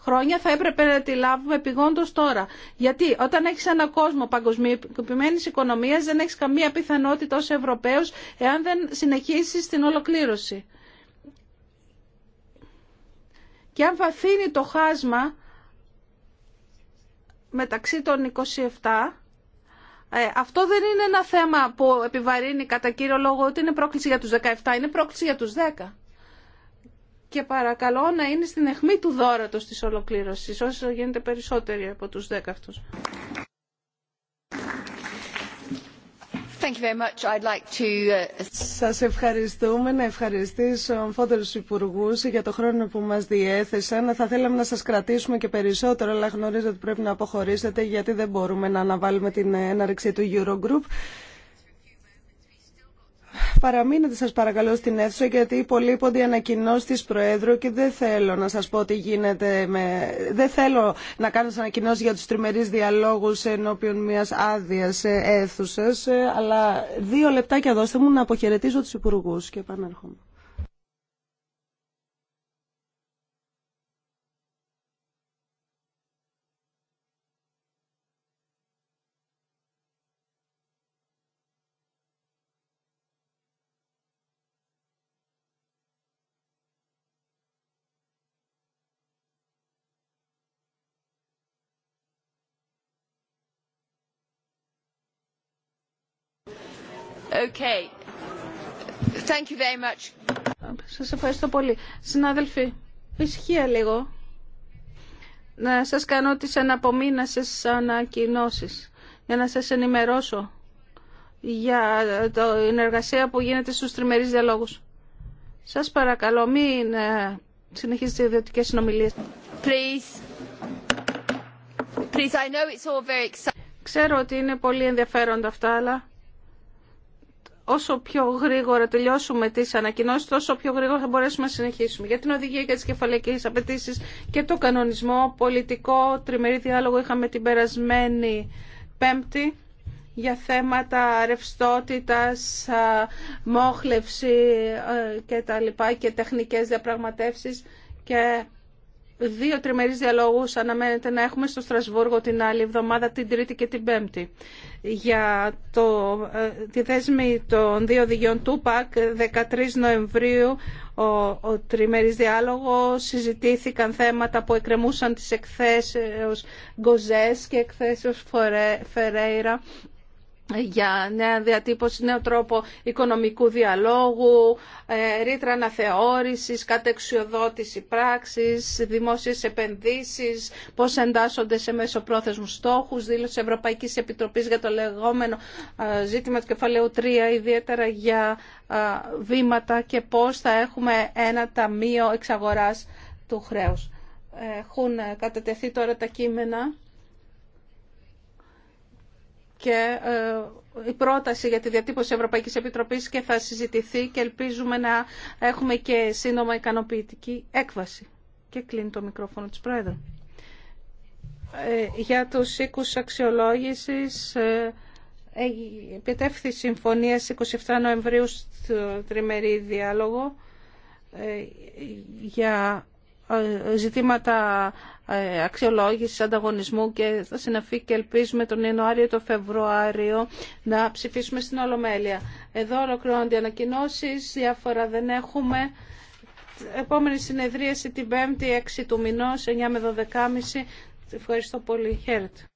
χρόνια θα έπρεπε να τη λάβουμε επιγόντω τώρα. Γιατί όταν έχεις ένα κόσμο παγκοσμιοποιημένης οικονομίας δεν έχει καμία πιθανότητα ως Ευρωπαίος εάν δεν συνεχίσει την ολοκλήρωση. Και αν βαθύνει το χάσμα μεταξύ των 27 ε, αυτό δεν είναι ένα θέμα που επιβαρύνει κατά κύριο λόγο ότι είναι πρόκληση για τους 17, είναι πρόκληση για τους 10. Και παρακαλώ να είναι στην αιχμή του δώρατος της ολοκλήρωσης, όσο γίνεται περισσότεροι από τους 10 αυτούς. Thank uh, Σας ευχαριστούμε. Να ευχαριστήσω αμφότερους υπουργού για το χρόνο που μας διέθεσαν. Θα θέλαμε να σας κρατήσουμε και περισσότερο, αλλά γνωρίζω ότι πρέπει να αποχωρήσετε γιατί δεν μπορούμε να αναβάλουμε την έναρξη του Eurogroup παραμείνετε σας παρακαλώ στην αίθουσα γιατί υπολείπονται οι ανακοινώσεις της Προέδρου και δεν θέλω να σας πω τι γίνεται με... Δεν θέλω να κάνω ανακοινώσεις για τους τριμερείς διαλόγους ενώπιον μιας άδεια αίθουσα, αλλά δύο λεπτάκια δώστε μου να αποχαιρετήσω τους υπουργούς και επανέρχομαι. Okay. Σας ευχαριστώ πολύ. Συνάδελφοι, ησυχία λίγο. Να σας κάνω τις αναπομείνασες ανακοινώσεις για να σας ενημερώσω για την εργασία που γίνεται στους τριμερείς διαλόγους. Σας παρακαλώ, μην ε, συνεχίσετε ιδιωτικές συνομιλίες. Please. Please, I know it's all very Ξέρω ότι είναι πολύ ενδιαφέροντα αυτά, αλλά όσο πιο γρήγορα τελειώσουμε τι ανακοινώσει, τόσο πιο γρήγορα θα μπορέσουμε να συνεχίσουμε. Για την οδηγία για τι κεφαλαϊκέ απαιτήσει και το κανονισμό, πολιτικό τριμερή διάλογο είχαμε την περασμένη Πέμπτη για θέματα ρευστότητας, μόχλευση ε, και τα λοιπά και τεχνικές διαπραγματεύσεις και Δύο τριμερείς διαλόγους αναμένεται να έχουμε στο Στρασβούργο την άλλη εβδομάδα, την Τρίτη και την Πέμπτη. Για το, ε, τη δέσμη των δύο οδηγιών του ΠΑΚ, 13 Νοεμβρίου, ο, ο τριμερής διάλογος, συζητήθηκαν θέματα που εκκρεμούσαν τις εκθέσεις Γκοζές και εκθέσεις Φερέιρα για νέα διατύπωση, νέο τρόπο οικονομικού διαλόγου, ε, ρήτρα αναθεώρησης, κατεξιοδότηση πράξης, δημόσιες επενδύσεις, πώς εντάσσονται σε μεσοπρόθεσμους στόχους, δήλωση Ευρωπαϊκής Επιτροπής για το λεγόμενο ε, ζήτημα του κεφαλαίου 3, ιδιαίτερα για ε, βήματα και πώς θα έχουμε ένα ταμείο εξαγοράς του χρέους. Έχουν κατατεθεί τώρα τα κείμενα και ε, η πρόταση για τη διατύπωση Ευρωπαϊκής Επιτροπής και θα συζητηθεί και ελπίζουμε να έχουμε και σύντομα ικανοποιητική έκβαση. Και κλείνει το μικρόφωνο της Πρόεδρου. Ε, για τους οίκους αξιολόγησης ε, επιτεύχθη συμφωνία στις 27 Νοεμβρίου στο τριμερή διάλογο για ε, ζητήματα ε, αξιολόγηση, ανταγωνισμού και θα συναφεί και ελπίζουμε τον Ιανουάριο ή τον Φεβρουάριο να ψηφίσουμε στην Ολομέλεια. Εδώ ολοκληρώνονται οι ανακοινώσει, διάφορα δεν έχουμε. Επόμενη συνεδρίαση την 5η 6 του μηνό, 9 με 12.30. Ευχαριστώ πολύ. Χαίρετε.